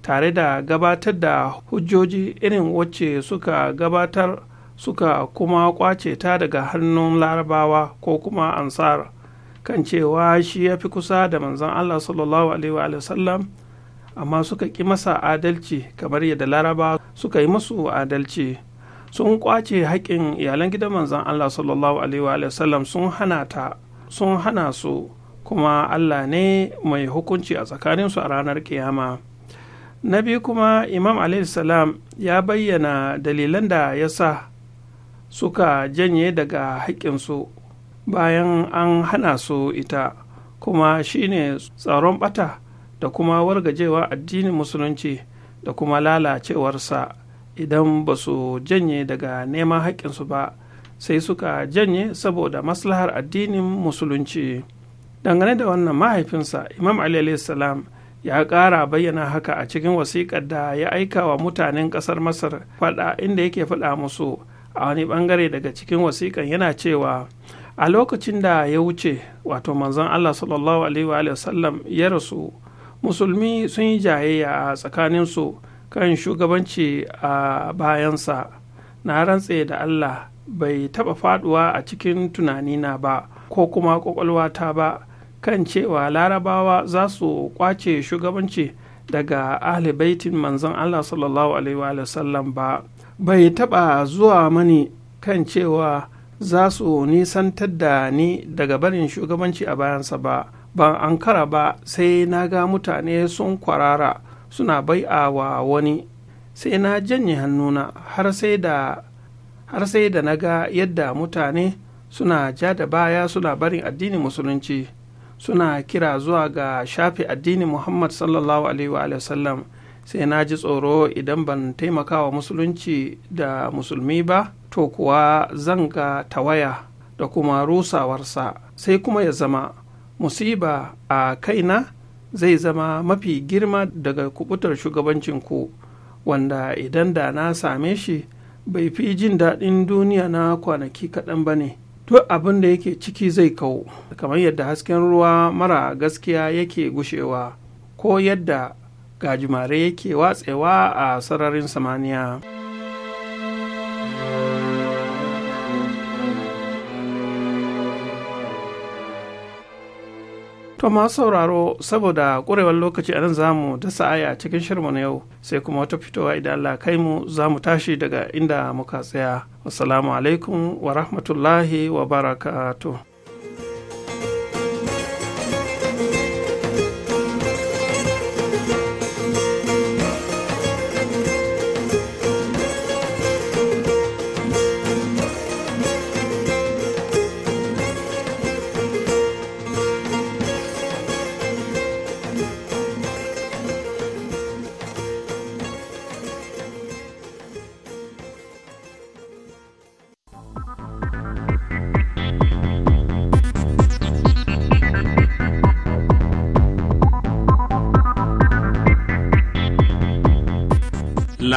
tare da gabatar da hujjoji irin wacce suka gabatar suka kuma kwace ta daga hannun larabawa ko kuma ansar kan cewa shi ya fi kusa da manzon Allah sallallahu alaihi sallam amma suka ƙi masa adalci kamar yadda laraba suka yi musu adalci sun ƙwace haƙƙin iyalan gidan manzon Allah sallallahu alaihi sallam sun hana sun hana su kuma Allah ne mai hukunci a tsakaninsu a ranar kiyama na biyu kuma imam salam ya bayyana dalilan da ya sa suka janye daga haƙƙinsu bayan an hana su ita kuma shine tsaron bata da kuma wargajewa addinin musulunci da kuma lalacewarsa idan ba su janye daga neman haƙƙinsu ba sai suka janye saboda maslahar addinin musulunci dangane da wannan mahaifinsa imam ali salam ya ƙara bayyana haka a cikin wasiƙar da ya aika wa mutanen ƙasar masar faɗa inda yake faɗa musu a wani ɓangare daga cikin wasiƙan yana cewa a lokacin da ya wuce wato manzon allah sallallahu alaihi sallam ya rasu musulmi sun yi jayayya a tsakaninsu kan shugabanci a bayansa na rantse da allah bai taɓa faɗuwa a cikin tunanina ba ko kuma kwakwalwata ba kan cewa larabawa za su kwace shugabanci daga ahli baitin manzon allah sallallahu alaihi sallam ba bai taɓa zuwa mani kan cewa za su nisantar da ni daga barin shugabanci a bayansa ba ban ankara ba sai na ga mutane sun kwarara suna bai'a wa wani sai na janye hannuna har sai da na ga yadda mutane suna ja da baya suna barin addinin musulunci suna kira zuwa ga shafe addinin muhammad sallallahu alaihi wa sai na ji tsoro idan ban taimaka wa musulunci da musulmi ba to kuwa zanga tawaya da kuma rusawarsa sai kuma ya zama musiba a kaina zai zama mafi girma daga kubutar shugabancinku wanda idan da na same shi bai fi jin daɗin duniya na kwanaki kaɗan ba ne duk abin da yake ciki zai kawo kamar yadda hasken ruwa mara gaskiya yake gushewa ko yadda gajimare yake watsewa a sararin samaniya. To masu sauraro saboda ƙurewar lokaci a nan za mu da sa'aya cikin shirmu na yau sai kuma wata fitowa idan Allah kai mu za mu tashi daga inda muka tsaya. Assalamu alaikum wa rahmatullahi wa barakatuh.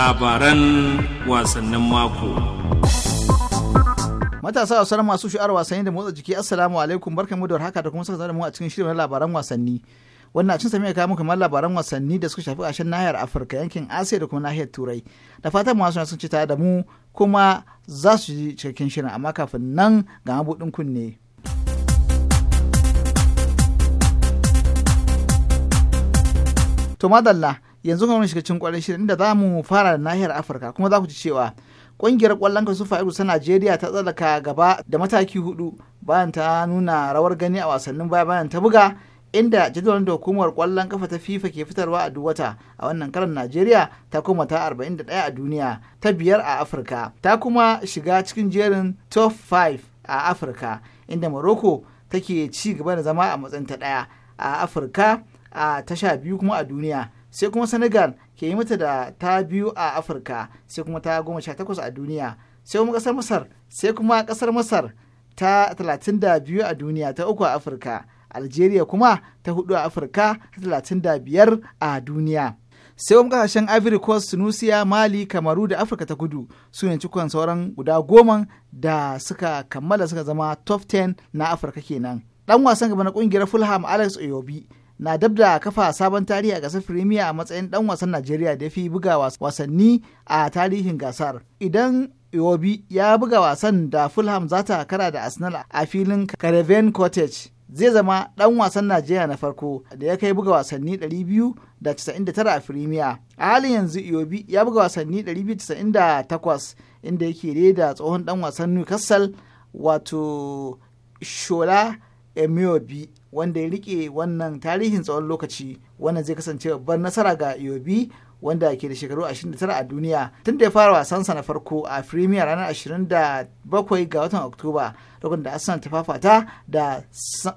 labaran wasannin mako. Matasa a sauran masu shi'ar wasanni da motsa jiki assalamu alaikum barkan mu da haka da kuma saka da mu a cikin shirin labaran wasanni. Wannan cin sami kawo kamar labaran wasanni da suka shafi ƙarshen nahiyar Afirka yankin Asiya da kuma nahiyar Turai. Da fatan masu sun ci tare da mu kuma za su ji cikakken shirin amma kafin nan ga mabuɗin kunne. To madalla yanzu kuma shiga cikin kwallon shirin inda za mu fara da nahiyar afirka kuma za ku ji cewa kungiyar kwallon kasu fa'iru ta najeriya ta tsallaka gaba da mataki hudu bayan ta nuna rawar gani a wasannin baya bayan ta buga inda jadawalin da hukumar kwallon kafa ta fifa ke fitarwa a duwata a wannan karan najeriya ta koma ta 41 a duniya ta biyar a afirka ta kuma shiga cikin jerin top 5 a afirka inda morocco take ci gaba da zama a matsayin ta daya a afirka a tasha biyu kuma a duniya sai kuma senegal ke yi mata da ta biyu a afirka sai kuma ta goma sha takwas a duniya sai kuma kasar masar sai kuma kasar masar ta talatin da biyu a duniya ta uku a afirka algeria kuma ta hudu a afirka ta talatin da biyar a duniya sai kuma kasashen ivory coast tunisia mali kamaru da afirka ta kudu su ne cikon sauran guda goma da suka kammala suka zama top 10 na afirka kenan dan wasan gaba na kungiyar fulham alex oyobi na dab da kafa sabon tarihi a gasar firimiya a matsayin dan wasan najeriya da ya fi buga wasanni a tarihin gasar idan Iwobi ya buga wasan da Fulham za ta kara da Arsenal a filin Caravan Cottage. Zai zama dan wasan Najeriya na farko da ya kai buga wasanni 299 a Firimiya. A halin yanzu Iwobi ya buga wasanni 298 inda yake da tsohon dan wasan Newcastle wato Shola Emeobi wanda ya rike wannan tarihin tsawon lokaci wannan zai kasance babbar nasara ga yobi e wanda ke da shekaru 29 a duniya tun da ya fara wasansa na farko a Premier ranar 27 ga watan Oktoba lokacin da Arsenal ta fafata da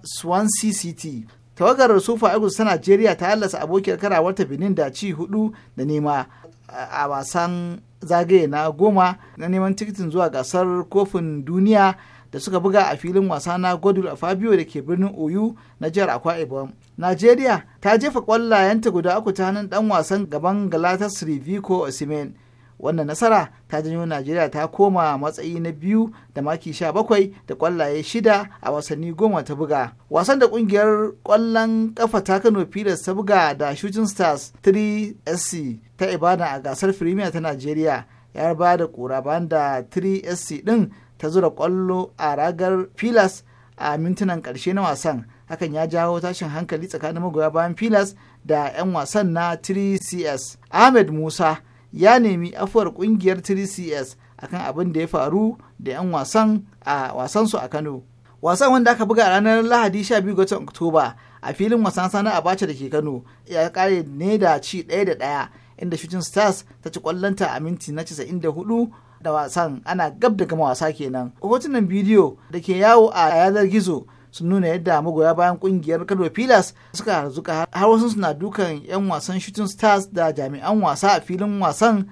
Swansea cct. Tawagar Sufa Eagles ta Najeriya ta hallasa abokiyar karawarta Benin da ci hudu da nema a wasan zagaye na goma na neman tikitin zuwa gasar kofin duniya da suka buga a filin wasa na godul a fabio da ke birnin oyu na jihar akwa ibom najeriya ta jefa kwallayenta guda uku ta hannun dan wasan gaban galatasaray vico osimhen wannan nasara ta janyo najeriya ta koma matsayi na biyu da maki sha bakwai da kwallaye shida a wasanni goma ta buga wasan da kungiyar kwallon kafa ta kano pilas ta buga da shooting stars 3sc ta ibada a gasar firimiya ta najeriya ya ba da kura banda 3sc din ta zura kwallo a ragar filas a mintunan ƙarshe na wasan hakan ya jawo tashin hankali tsakanin magoya bayan filas da 'yan wasan na 3cs ahmed musa ya nemi afuwar kungiyar 3cs akan abin da ya faru da 'yan wasan a wasansu a kano wasan wanda aka buga ranar lahadi 12 ga oktoba a filin wasan sana abacha da ke kano ya kare ne da ci ɗaya da ɗaya inda shooting stars ta ci kwallonta a minti na 94 da wasan ana gab da gama wasa kenan hotunan bidiyo da ke yawo a yanar gizo sun nuna yadda magoya bayan kungiyar kano pilas suka harzuka har wasu suna dukan yan wasan shooting stars da jami'an wasa a filin wasan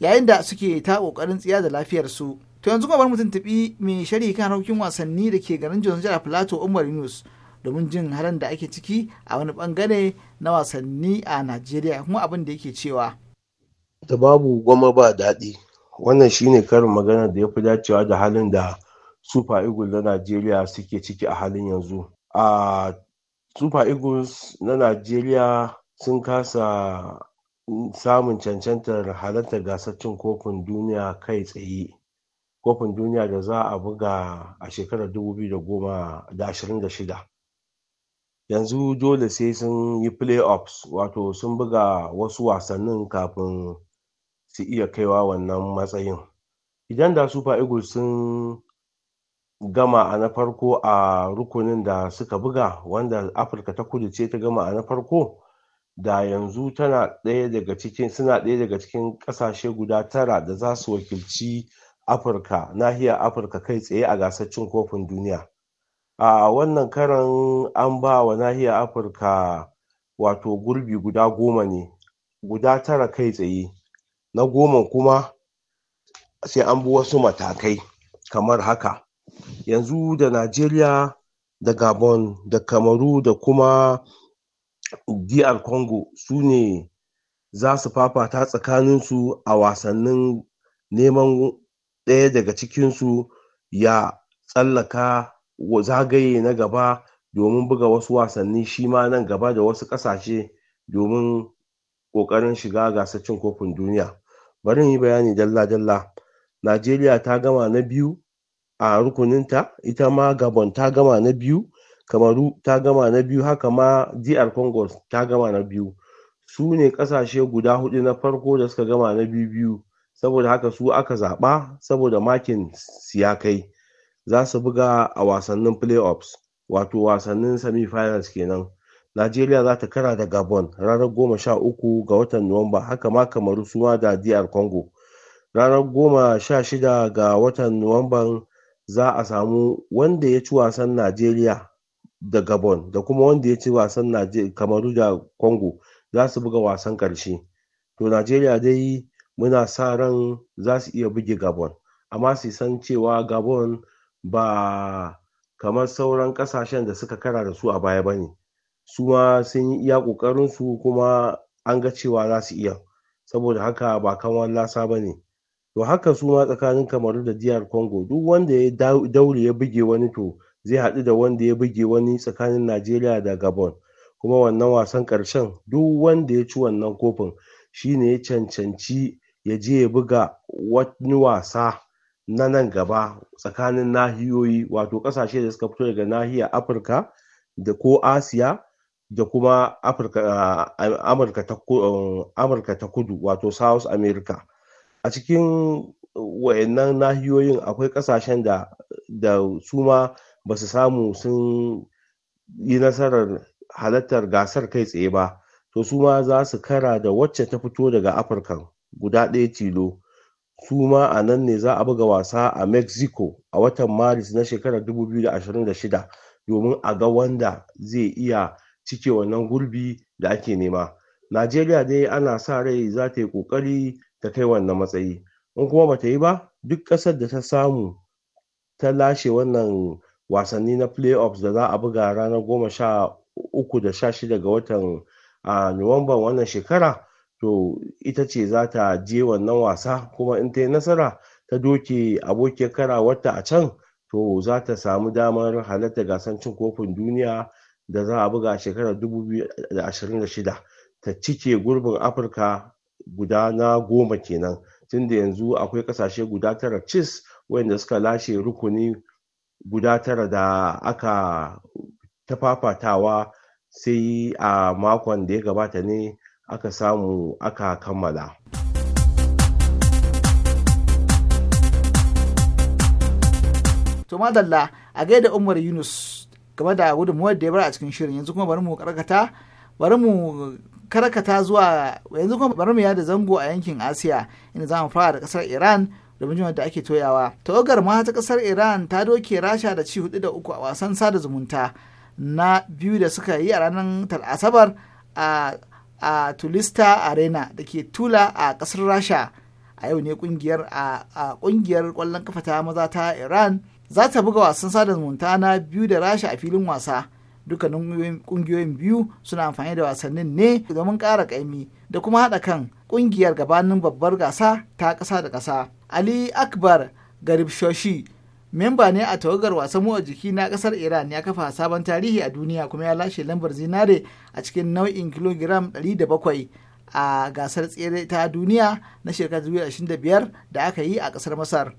yayin da suke ta kokarin tsiya da lafiyarsu to yanzu kuma bar mutum tafi mai shari kan harkokin wasanni da ke garin jos jihar plateau umar news domin jin halin da ake ciki a wani bangare na wasanni a najeriya kuma abin da yake cewa ta babu goma ba daɗi Wannan shi ne karin magana da ya fi dacewa da halin da Super Eagles na Najeriya suke ciki a halin yanzu. A Super Eagles na Najeriya sun kasa samun cancantar halartar gasar cin kofin duniya kai tsaye. Kofin duniya da za a buga a shekarar 2026. Yanzu dole sai sun yi playoffs wato sun buga wasu wasannin kafin su iya kaiwa wannan matsayin idan da super eagles sun gama a na farko a rukunin da suka buga wanda afirka ta kudu ce ta gama a na farko da yanzu tana ɗaya daga cikin suna ɗaya daga cikin ƙasashe guda tara da za su wakilci afirka nahiyar afirka kai tsaye a gasar cin kofin duniya a wannan karan an ba wa nahiyar afirka wato gurbi guda goma ne guda tara kai tsaye na goma kuma sai an bi wasu matakai kamar haka yanzu da Najeriya da Gabon da Kamaru da kuma DR Congo su ne za su fafata tsakaninsu a wasannin neman ɗaya daga cikinsu ya tsallaka zagaye na gaba domin buga wasu wasanni shi ma nan gaba da wasu ƙasashe domin ƙoƙarin shiga gasar cin kofin duniya bari in yi bayani dalla dalla najeriya ta gama na biyu a rukuninta ita ma gabon ta gama na biyu kamaru ta gama na biyu haka ma dr congo ta gama na biyu su ne kasashe guda hudu na farko da suka gama na biyu biyu saboda haka su aka zaɓa saboda makin siyakai za su buga a wasannin playoffs wato wasannin semi-finals kenan Najeriya za ta kara da Gabon ranar goma sha uku ga watan Nuwamba haka ma kamaru suma da DR Congo. Ranar goma sha shida ga watan Nuwamban za a samu wanda ya ci wasan Najeriya da Gabon da kuma wanda ya ci wasan Kamaru da Congo za su buga wasan ƙarshe. To Najeriya dai muna sa ran za su iya buge Gabon amma su san cewa Gabon ba kamar sauran ƙasashen da suka kara da su a baya ba ne. su ma sun yi iya ƙoƙarin su kuma an ga cewa za su iya saboda haka ba kamar lasa ba ne to haka su ma tsakanin kamaru da diyar congo duk wanda ya daure ya buge wani to zai haɗu da wanda ya buge wani tsakanin najeriya da gabon kuma wannan wasan ƙarshen duk wanda ya ci wannan kofin shine ya cancanci ya je ya buga wani wasa na nan gaba tsakanin nahiyoyi wato ƙasashe da suka fito daga nahiyar afirka da ko asiya da kuma amurka ta kudu wato south america a cikin wayannan nahiyoyin akwai kasashen da da su ma ba su samu sun yi nasarar halartar gasar kai tsaye ba to su ma za su kara da wacce ta fito daga afirka guda ɗaya tilo su ma a nan ne za a buga wasa a mexico a watan maris na shekarar 2026 domin a ga wanda zai iya cike wannan gurbi da ake nema najeriya dai ana sa rai za ta yi ƙoƙari ta kai wannan matsayi in kuma bata yi ba duk ƙasar da ta samu ta lashe wannan wasanni na playoffs da za a buga ranar goma sha uku da sha shida ga watan nuwamban wannan shekara to ita ce za ta je wannan wasa kuma in ta yi nasara ta doke abokiyar wata a can to za ta samu damar halarta gasar cin kofin duniya da za a buga a shekarar 2026 ta cike gurbin afirka guda na goma kenan tunda yanzu akwai kasashe guda tara cis wayanda suka lashe rukuni guda tara da aka tafafatawa sai a makon da ya gabata ne aka samu aka kammala. To madalla a gaida Umar Yunus game da gudunmuwar da ya bar a cikin shirin yanzu kuma bari mu karkata bari mu karkata zuwa yanzu kuma bari mu yada zango a yankin asiya inda za mu fara da kasar iran domin mun da ake toyawa tawagar ma ta kasar iran ta doke rasha da ci hudu da uku a wasan sada zumunta na biyu da suka yi a ranar talasabar a a tulista arena da ke tula a kasar rasha a yau ne kungiyar a kungiyar kwallon kafa ta maza ta iran za ta buga wasan sada zumunta na biyu da rasha a filin wasa dukkanin kungiyoyin biyu suna amfani da wasannin ne domin kara kaimi. da kuma haɗa kan ƙungiyar gabanin babbar gasa ta ƙasa da ƙasa ali akbar garib shoshi memba ne a tawagar wasan motsa jiki na ƙasar iran ya kafa sabon tarihi a duniya kuma ya lashe lambar zinare a cikin nau'in kilogiram 700 a gasar tsere ta duniya na shekarar 2025 da aka yi a kasar masar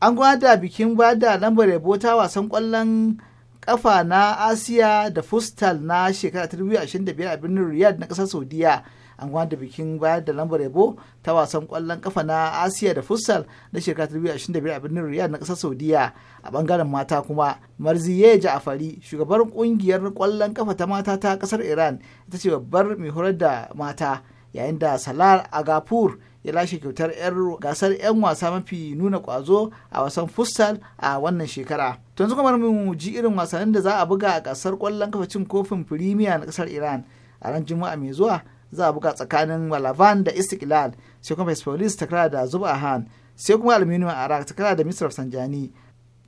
an gwada bikin bada lambar yabo ta wasan kwallon kafa na asiya da fustal na shekara 2025 a birnin riyadh na kasar saudiya an gwada bikin bayar da lambar yabo ta wasan kwallon kafa na asiya da futsal na shekara 2025 a birnin riyadh na kasar saudiya a bangaren mata kuma marziye ja'afari shugabar kungiyar kwallon kafa ta mata ta kasar iran ita ce babbar mai horar da mata yayin da salar agapur ya lashe kyautar 'yar gasar 'yan wasa mafi nuna kwazo a wasan futsal a wannan shekara. tun kuma mu ji irin wasannin da za a buga a gasar kwallon kafa cin kofin firimiya na kasar Iran a ran Juma'a mai zuwa za a buga tsakanin Malavan da Istiklal sai kuma Police ta kara da zuba han sai kuma Aluminium Arak ta kara da Misraf Sanjani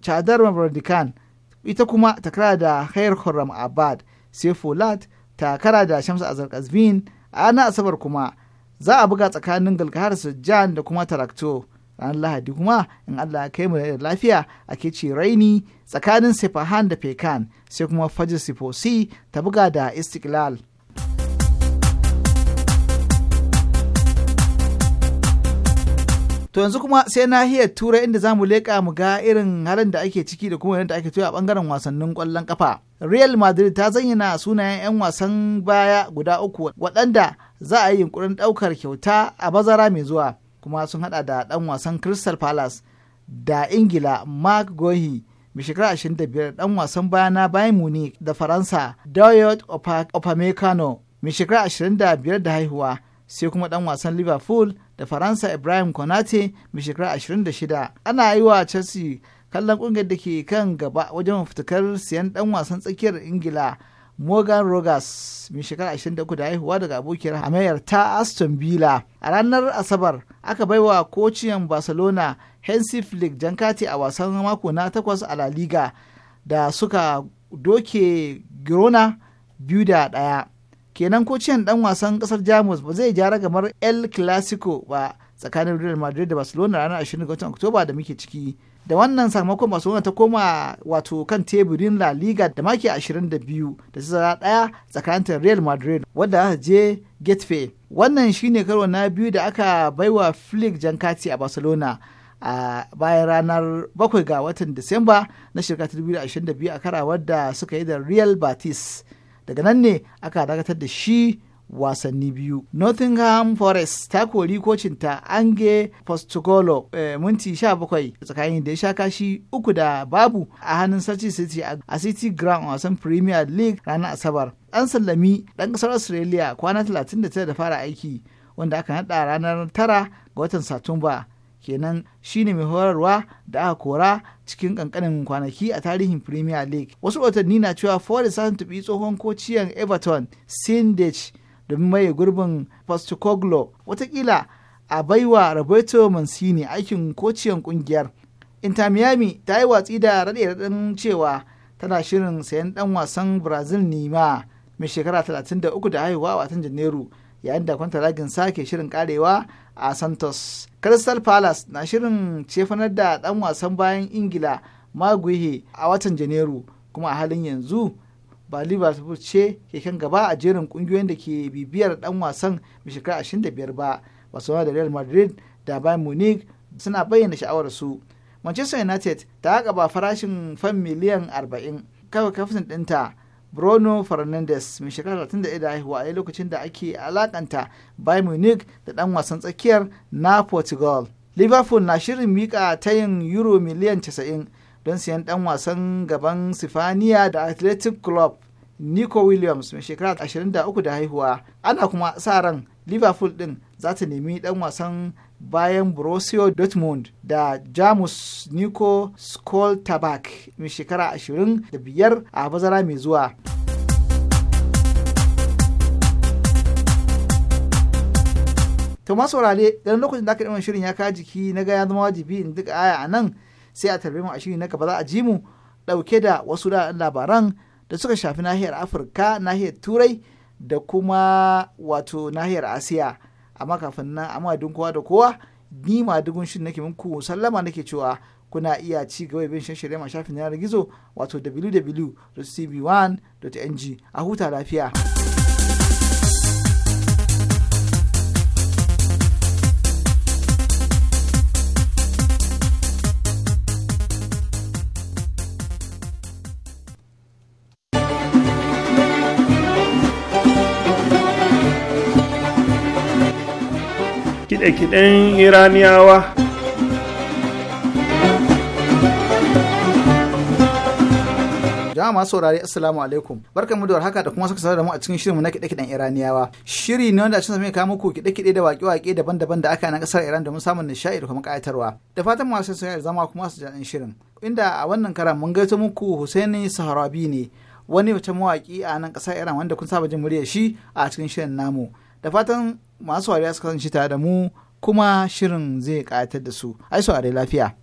Chadar Mabrodikan ita kuma ta kara da Khair Khurram Abad sai Folat ta kara da Shamsu Azar Kazvin a ranar Asabar kuma za a buga tsakanin galgahar sajjan da kuma tarakto ranar lahadi kuma in allah ya kai mu da lafiya a ce raini tsakanin sefahan da fekan sai kuma fajr sifosi ta buga da istiklal to yanzu kuma sai nahiyar turai inda za mu leƙa mu ga irin halin da ake ciki da kuma yadda ake tuya a bangaren wasannin ƙwallon kafa real madrid ta zayyana sunayen 'yan wasan baya guda uku waɗanda za a yi yunkurin ɗaukar kyauta a bazara mai zuwa kuma sun hada da ɗan wasan crystal palace da ingila mark gohi mai shekara 25 ɗan wasan bayana bayan munich da faransa doyot opamecano mai shekara 25 da haihuwa sai kuma ɗan wasan liverpool da faransa ibrahim konate mai shekara 26 ana yi wa chelsea kallon ƙungiyar da ke kan gaba wajen fitakar siyan ɗan wasan tsakiyar ingila Morgan Rogers mai shekara 23 da haihuwa daga abokiyar hamayar ta Aston Villa. A ranar Asabar aka baiwa kociyan Barcelona Hansi Flick jankati a wasan mako na takwas a La Liga da suka doke Girona biyu da ɗaya. Kenan kociyan ɗan wasan ƙasar Jamus ba zai gyara gamar El Clasico ba tsakanin Real Madrid da Barcelona ranar 20 Oktoba da muke ciki. da wannan sakamakon barcelona ta koma wato kan teburin la liga da maki 22 da tazara daya tsakanin real madrid wadda aka je getafe wannan shine karo na biyu da aka baiwa flick jankati a barcelona a bayan ranar 7 ga watan disamba na shekara 2022 a karawar da suka yi da real batis daga nan ne aka dakatar da shi wasanni biyu. Nottingham Forest ta kori kocinta Ange Postacolo eh, minti 17 tsakanin da ya sha kashi uku da babu a hannun Sarchi City a City Ground wasan Premier League ranar Asabar. Ɗan sallami ɗan ƙasar Australia kwana 39 da fara aiki wanda aka naɗa ranar tara ga watan Satumba. kenan shine mai horarwa da aka kora cikin kankanin kwanaki a tarihin premier league wasu watanni na cewa forest sun tafi tsohon kociyan everton sindich domin maye gurbin Postecoglou watakila a baiwa Roberto Mancini aikin kociyan kungiyar. Inter Miami ta yi watsi da raɗe raɗen cewa tana shirin sayan ɗan wasan Brazil Nima mai shekara 33 da haihuwa a watan Janairu yayin da kwanta sa sake shirin karewa a Santos. Crystal Palace na shirin cefanar da ɗan wasan bayan Ingila Maguihe a watan Janairu kuma a halin yanzu ba liverpool ce ke kan gaba a jerin kungiyoyin da ke bibiyar dan wasan mai shekara 25 ba barcelona da real madrid da bayern munich suna bayyana sha'awar su manchester united ta haka ba farashin fan miliyan 40 kawai kafin dinta bruno fernandes mai shekara 31 da haihuwa a lokacin da ake alakanta bayern munich da dan wasan tsakiyar na portugal liverpool na shirin mika yin euro miliyan 90 don siyan ɗan wasan gaban sifaniya da athletic club nico williams mai shekara 23 da haihuwa ana kuma sa ran liverpool din za ta nemi ɗan wasan bayan borussia dortmund da jamus nico skoltabak mai shekara 25 a bazara mai zuwa Thomas Orale, wurare lokacin da aka shirin ya ka jiki na ga ya zama wajibi in duk aya a nan sai a tarbe mu a shiri na gaba za a ji mu ɗauke da wasu labaran da suka shafi nahiyar afirka nahiyar turai da kuma wato nahiyar asiya amma kafin nan amma dun kowa da kowa ni ma dugun shi nake muku sallama nake cewa kuna iya ci gaba bin shan shirye a shafin yanar gizo wato www.cb1.ng a huta lafiya. kiɗe-kiɗen iraniyawa jama'a saurari assalamu alaikum barkanmu da warhaka da kuma saka da mu a cikin shirinmu na kiɗe-kiɗen iraniyawa shiri ne wanda a cikin kawo muku kiɗe-kiɗe da waƙe-waƙe daban-daban da aka na ƙasar iran domin samun nishaɗi da kuma ƙayatarwa da fatan masu da zama kuma su jaɗin shirin inda a wannan karan mun gaito muku husaini saharabi ne wani wata mawaƙi a nan ƙasar iran wanda kun saba jin muryar shi a cikin shirin namu da fatan masu wariya su kasance tare da mu kuma shirin zai ƙayatar da su ai saurari lafiya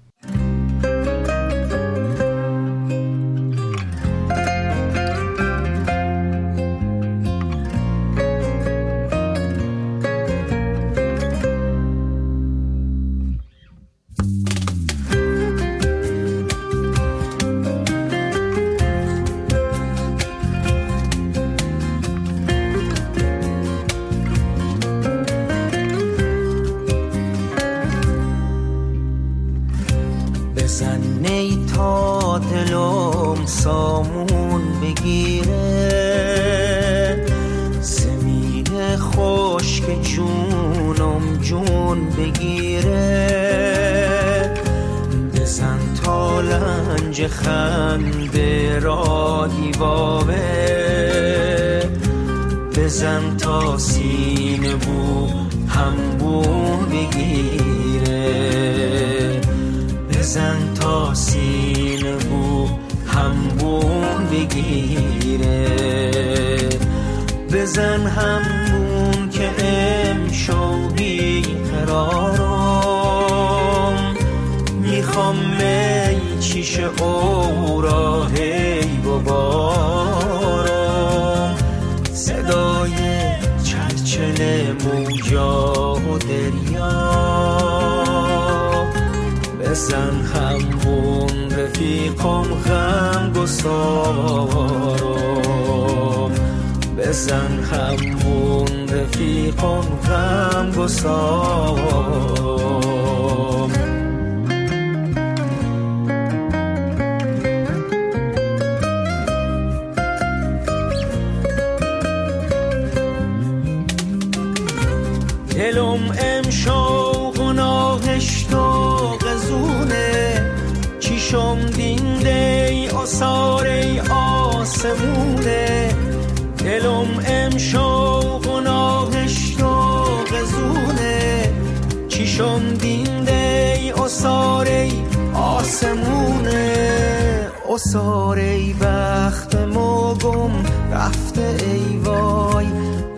اصار ای بخت ما گم رفته ای وای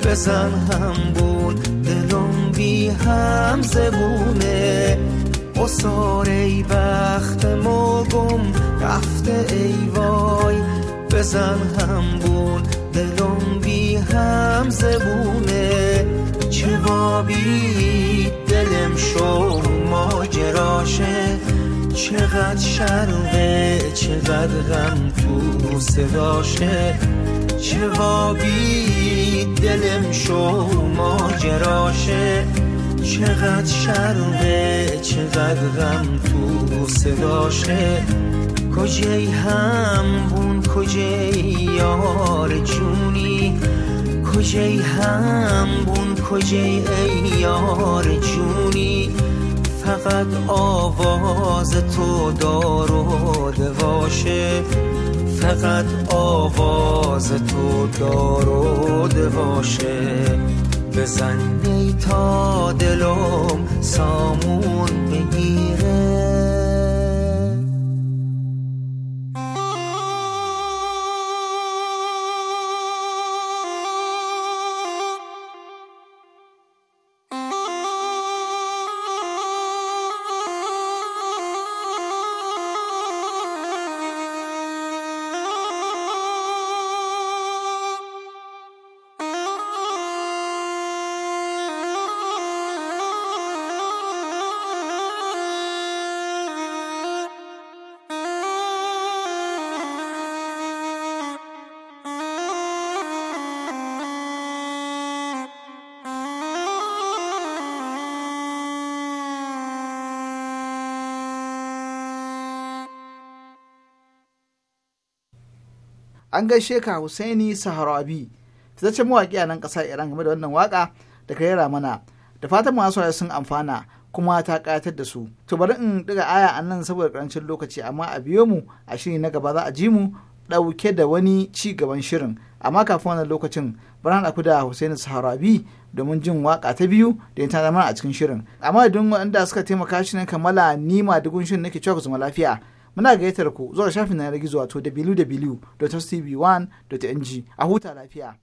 بزن هم بود دلم بی هم زبونه اصار ای بخت ما گم رفته ای وای بزن هم بود دلم بی هم زبونه چه بابی دلم شو ماجراشه چقدر شروه چقدر غم تو صداشه چه وابی دلم شو ماجراشه چقدر شروه چقدر غم تو صداشه کجای هم بون کجای یار جونی کجای هم بون کجای یار جونی فقط آواز تو دار و دواشه فقط آواز تو دار و دواشه بزن تا دلم سامون بگیره an gaishe ka Husaini Saharabi ce mawaƙi a nan ƙasar Iran game da wannan waka da ka rera mana da fatan masu sun amfana kuma ta ƙayatar da su to bari in daga aya a nan saboda karancin lokaci amma a biyo mu a shiri na gaba za a ji mu ɗauke da wani ci gaban shirin amma kafin wannan lokacin bari haɗa ku da hussaini Saharabi domin jin waka ta biyu da ya zama a cikin shirin amma idan waɗanda suka taimaka shi ne kamala nima dugun shirin nake cewa ku zama lafiya muna gayyatar ku zuwa shafin yanar gizo wato www.tv1.ng a huta lafiya.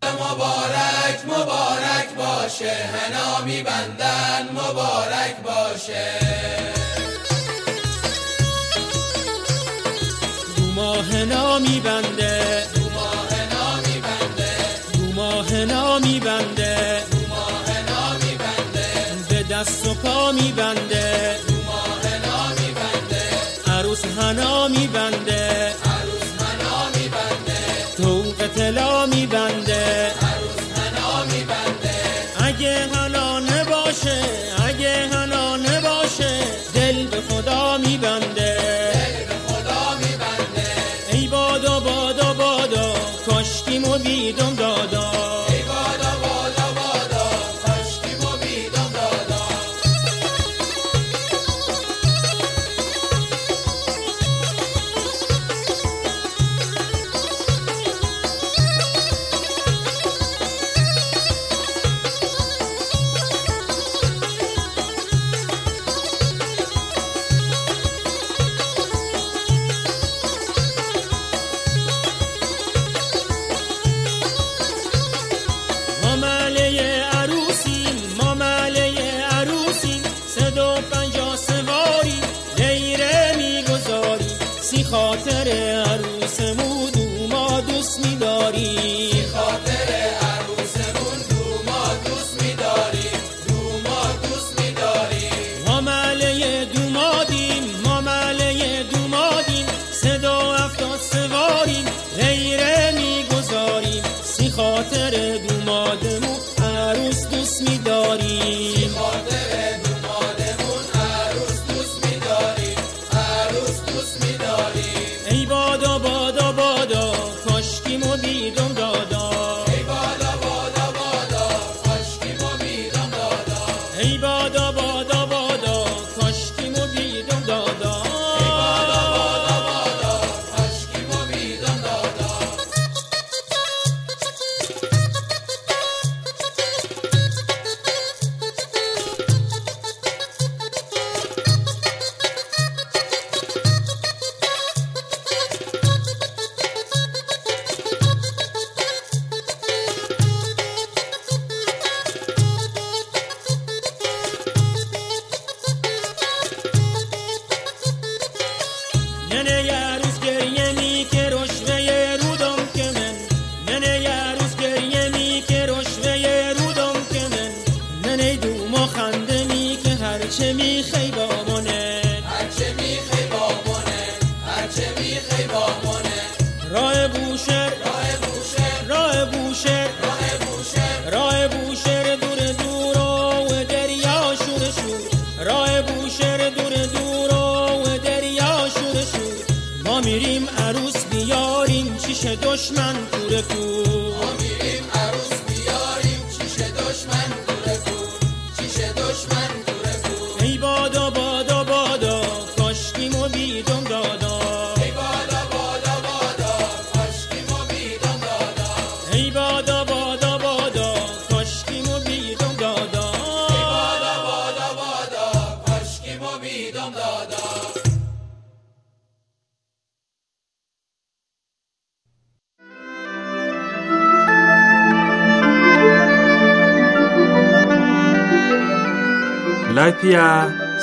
tu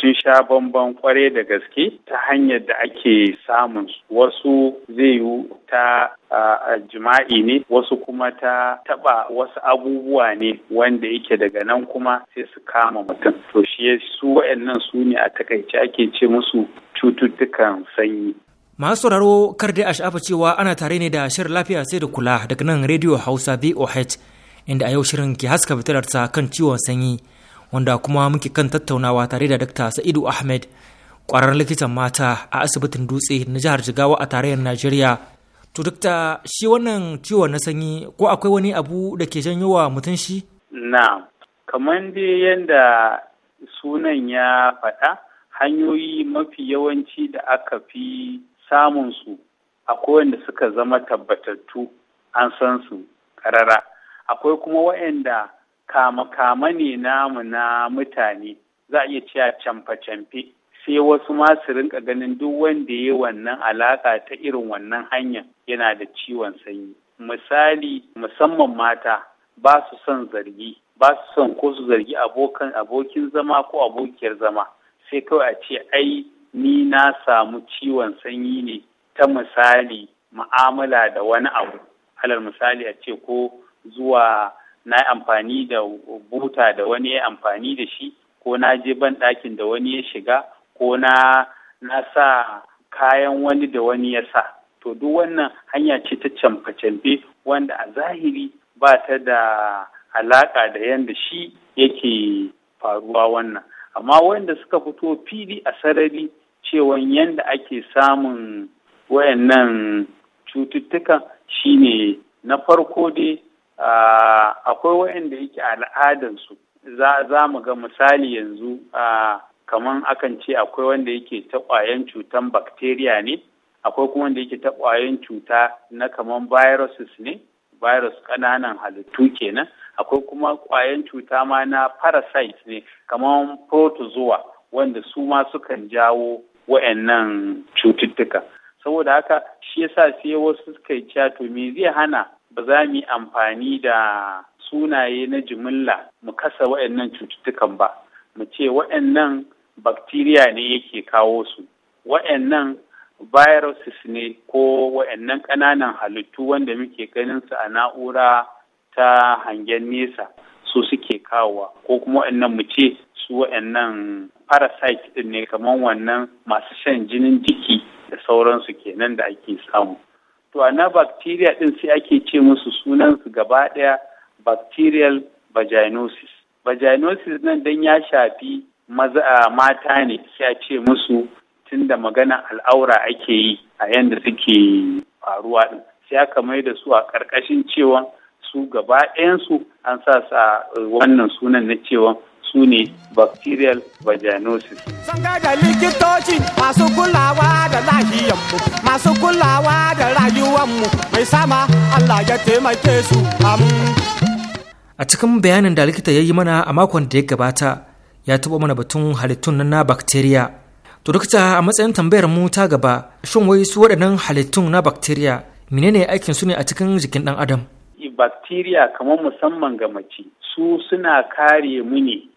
sun sha bamban kware da gaske ta hanyar da ake samun wasu zai yi ta jima'i ne wasu kuma ta taba wasu abubuwa ne wanda yake daga nan kuma sai su kama mutum to shi su wayannan su ne a takaice ake ce musu cututtukan sanyi masu sauraro kar dai a sha'afa cewa ana tare ne da shirin lafiya sai da kula daga nan rediyo hausa voh inda a yau shirin ke haska fitilarsa kan ciwon sanyi wanda kuma muke kan tattaunawa tare da Dr. Sa'idu Ahmed kwarar likitan mata a asibitin dutse na jihar Jigawa a tarayyar Najeriya. To Dr. shi wannan ciwon na sanyi ko akwai wani abu da ke janyo wa mutum shi? Na, kamar dai yadda sunan ya faɗa hanyoyi mafi yawanci da aka fi samun su akwai wanda suka zama tabbatattu an san su ƙarara akwai kuma waɗanda kama-kama ne namu na mutane za a iya cewa camfe-camfe sai wasu ma su rinka ganin duk wanda ya wannan alaka ta irin wannan hanyar yana da ciwon sanyi misali musamman mata ba su son zargi ba su son ko su zargi abokan abokin zama ko abokiyar zama sai kawai a ce ai ni na samu ciwon sanyi ne ta misali ma'amala da wani abu alal misali a ce ko zuwa na amfani da buta da wani ya amfani da shi ko na je ban ɗakin da wani ya shiga ko na sa kayan wani da wani ya sa to duk wannan hanya ce ta camfe-camfe wanda a zahiri ba ta da alaƙa da yadda shi yake faruwa wannan amma wanda suka fito fili a sarari cewan yadda ake samun wayannan cututtukan shine na farko dai Ah, akwai waɗanda yake al'adansu za, mu ga misali yanzu ah, kamar akan ce akwai wanda yake ta ƙwayan cutan bakteriya ne akwai kuma wanda yake ta ƙwayan cuta na kamar viruses ne virus ƙananan halittu kenan akwai kuma ƙwayan cuta ma na parasite ne kamar protozoa wanda su ma sukan jawo wa'annan cututtuka saboda haka shi yasa sai wasu suka yi to me zai hana ba za mu yi amfani da sunaye na jimilla mu kasa waɗannan cututtukan ba mu ce waɗannan bakteriya ne yake kawo su waɗannan viruses ne ko waɗannan ƙananan halittu wanda muke ganin su a na'ura ta hangen nesa su suke kawowa ko kuma waɗannan mu ce su waɗannan parasite ne kamar wannan masu shan jinin jiki da sauransu kenan da ake samu to na bacteria din sai ake ce musu sunansu gaba ɗaya bacterial vaginosis vaginosis nan dan ya shafi maza mata ne sai a ce musu tun da magana al'aura ake yi a yadda suke faruwa din sai aka mai da su a ƙarƙashin cewa su gaba ɗayansu an sa sa eh, wannan sunan na cewa su ne bacterial vaginosis. Sun da likitoci masu kulawa da lahiyanmu, masu kulawa da rayuwanmu mai sama Allah ya taimake su A cikin bayanin da likita ya yi mana a makon da ya gabata ya taɓa mana batun halittun na bakteriya. To dukta a matsayin tambayar mu ta gaba shin wai su waɗannan halittun na bacteria menene aikin su ne a cikin jikin ɗan adam? Bakteriya kamar musamman ga mace su suna kare mu ne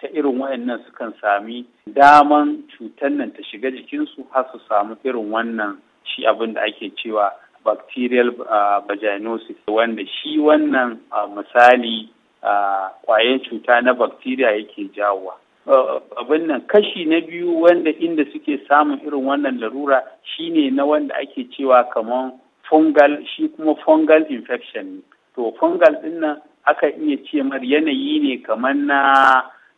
ta irin wayannan sukan sami daman cutar nan ta shiga jikinsu har su samu irin wannan shi abin da ake cewa bacterial ah, vaginosis wanda shi wannan ah, misali kwayan ah, cuta na bacteria yake jawowa abin nan kashi na biyu wanda inda suke samun irin wannan larura shine na wanda ake cewa kamar fungal shi kuma fungal infection to fungal din nan aka iya ce mar yanayi ne kamar na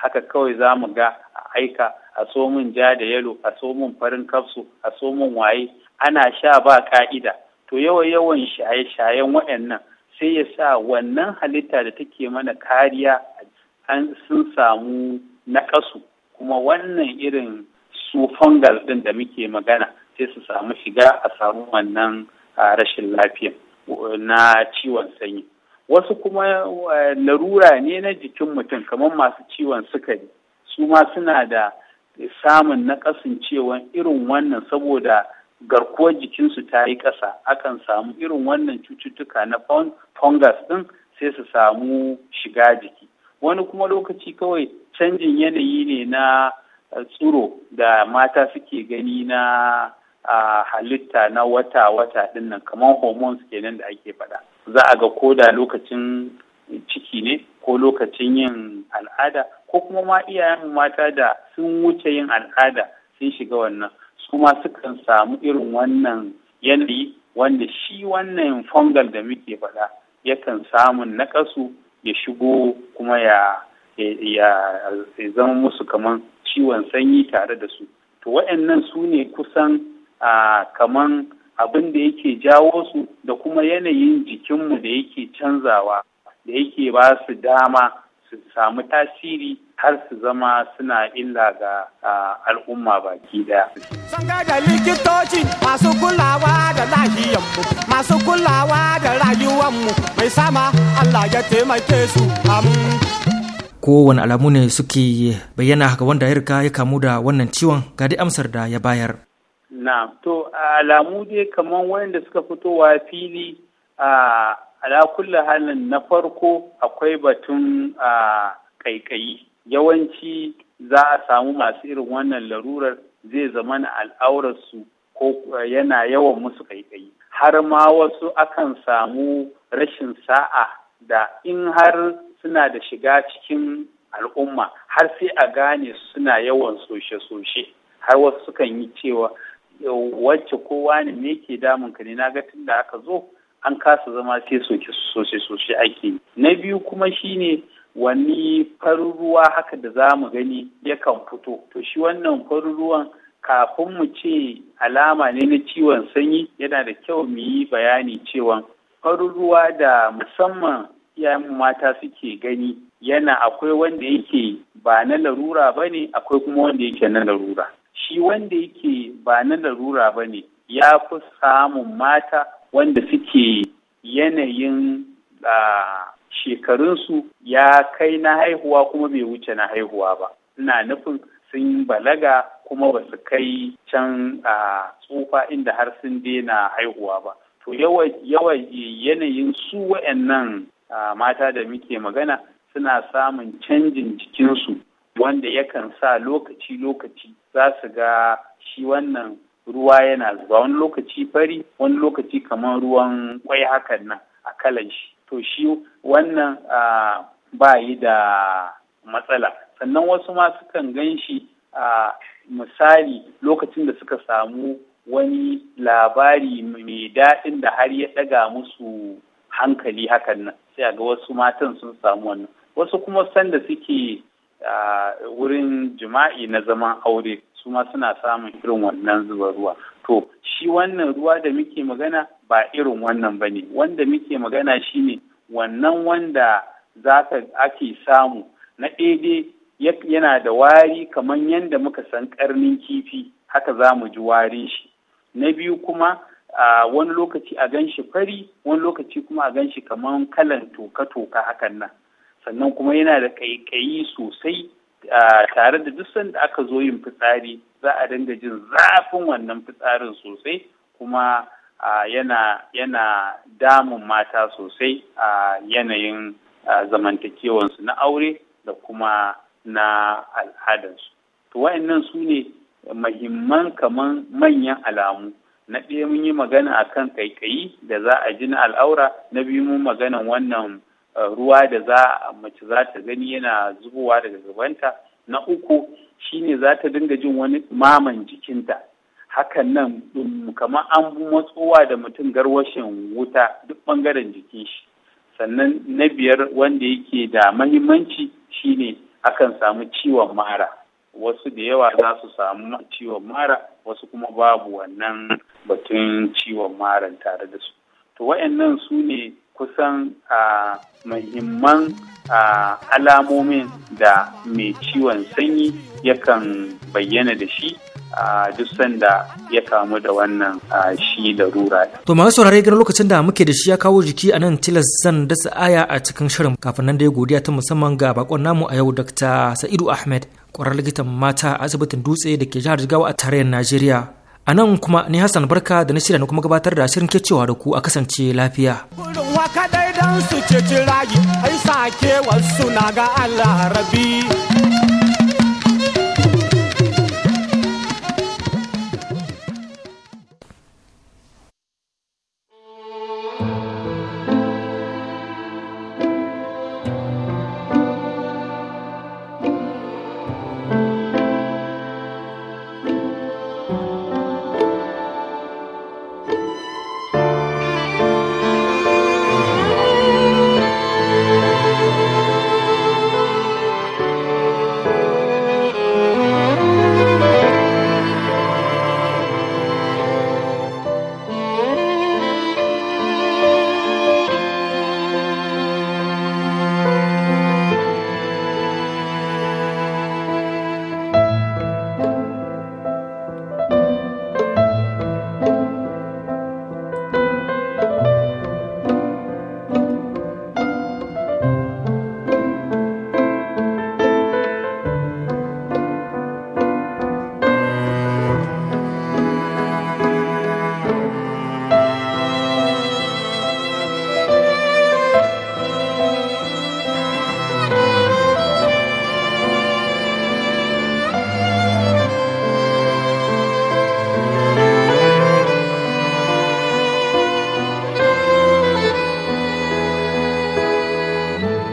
haka kawai za mu ga a aika a so min ja da yalo a so min farin kafsu a so min waye ana sha ba ka'ida to yawan yawan shaye-shayen waɗannan sai ya sa wannan halitta da take mana kariya an sun samu naƙasu kuma wannan irin su fungal din da muke magana sai su samu shiga a samu wannan rashin lafiya na ciwon sanyi. wasu kuma eh, larura ne na jikin mutum kamar masu ciwon sukari su ma suna da samun na kasancewan irin wannan saboda garkuwar jikinsu ta yi ƙasa akan samu irin wannan cututtuka na fungus ɗin sai su samu shiga jiki wani kuma lokaci kawai canjin yanayi ne na eh, tsiro da mata suke gani na ah, halitta na wata-wata ɗinnan kamar hormones kenan da ake faɗa za a ga ko da lokacin ciki ne ko lokacin yin al'ada ko kuma ma iyayen mata da sun wuce yin al'ada sun shiga wannan su ma sukan samu irin wannan yanayi wanda shi wannan fungal da muke faɗa yakan samun naƙasu ya shigo kuma ya zama musu kaman ciwon sanyi tare da su to waɗannan su ne kusan ah, kaman abin da yake jawo su da kuma yanayin jikinmu da yake canzawa da yake ba su dama su samu tasiri har su zama suna illa ga al'umma baki daya. Sun da likitoci masu kulawa da lahiyanmu, masu kulawa da rayuwanmu mai sama Allah ya taimake su Kowane alamu ne suke bayyana ga wanda ya riga ya kamu da wannan ciwon ga amsar da ya bayar. na to alamu dai kamar wanda suka fitowa fili a alakulla halin na farko akwai batun a kaikayi yawanci za a samu masu irin wannan larurar zai zama na al'aurarsu ko yana yawan musu kaikayi har ma wasu akan samu rashin sa'a da in har suna da shiga cikin al'umma har sai a gane suna yawan soshe-soshe har wasu sukan yi cewa wacce kowa ne me ke damun ka ne na ga tun da aka zo an kasa zama sai soke sosai sosai ake na biyu kuma shine wani farin ruwa haka da za mu gani yakan fito to shi wannan farin ruwan kafin mu ce alama ne na ciwon sanyi yana da kyau mu yi bayani cewa farin ruwa da musamman iyayen mata suke gani yana akwai wanda yake ba na larura ba ne akwai kuma wanda yake na larura shi wanda yake ba na larura ba ne ya fi samun mata wanda suke yanayin shekarunsu ya kai na haihuwa kuma bai wuce na haihuwa ba ina nufin sun balaga kuma ba su kai can a tsufa inda har sun daina haihuwa ba to yawa yanayin su wa'annan mata da muke magana suna samun canjin jikinsu wanda yakan sa lokaci-lokaci za su ga shi wannan ruwa yana zuba wani lokaci fari wani lokaci kamar ruwan kwai hakan nan a kalan shi to shi wannan ba yi da matsala sannan wasu ma sukan gan shi a misali lokacin da suka samu wani labari mai daɗin da har ya ɗaga musu hankali hakan nan sai a ga wasu matan sun samu wannan wasu kuma sanda suke wurin jima'i na zaman aure su ma suna samun irin wannan zuba ruwa to shi wannan ruwa da muke magana ba irin wannan ba ne wanda muke magana shine wannan wanda za ka ake samu na daidai yana da wari kamar yadda muka san karnin kifi haka za mu ji warin shi na biyu kuma a wani lokaci a gan shi fari wani lokaci kuma a gan shi kamar kalan toka-toka hakan nan sannan kuma yana da kaikayi sosai a tare da duk sanda aka zo yin fitsari za a dinga jin zafin wannan fitsarin sosai kuma yana yana damun mata sosai a yanayin zamantakewansu na aure da kuma na al'adansu to wa'annan su ne mahimman kamar manyan alamu na ɗaya mun yi magana akan kaikayi da za a ji na al'aura na biyu mun magana wannan Eh, ruwa da za a mace za ta gani yana zubowa daga gabanta na uku shine za ta dinga jin wani maman jikinta hakan nan kamar an matsowa da mutum garwashin wuta duk bangaren jikin shi sannan na biyar wanda yake da mahimmanci shine akan samu ciwon mara wasu da yawa za su samu ciwon mara wasu kuma babu wannan batun ciwon mara tare da su to wayannan su ne kusan a muhimman alamomin da mai ciwon sanyi yakan bayyana da shi a duk sanda ya kamu da wannan shi da rura. To masu saurare ganin lokacin da muke da shi ya kawo jiki a nan tilas zan dasa aya a cikin shirin kafin nan da ya godiya ta musamman ga bakon namu a yau Dr. Sa'idu Ahmed, kwarar likitan mata a asibitin dutse da ke jihar Jigawa a tarayyar Najeriya. A nan kuma ni Hassan Barka da na shirya na kuma gabatar da shirin cewa da ku a kasance lafiya. Kurwa kaɗai dan su ce rayu, ai sake wasu na ga Allah rabi.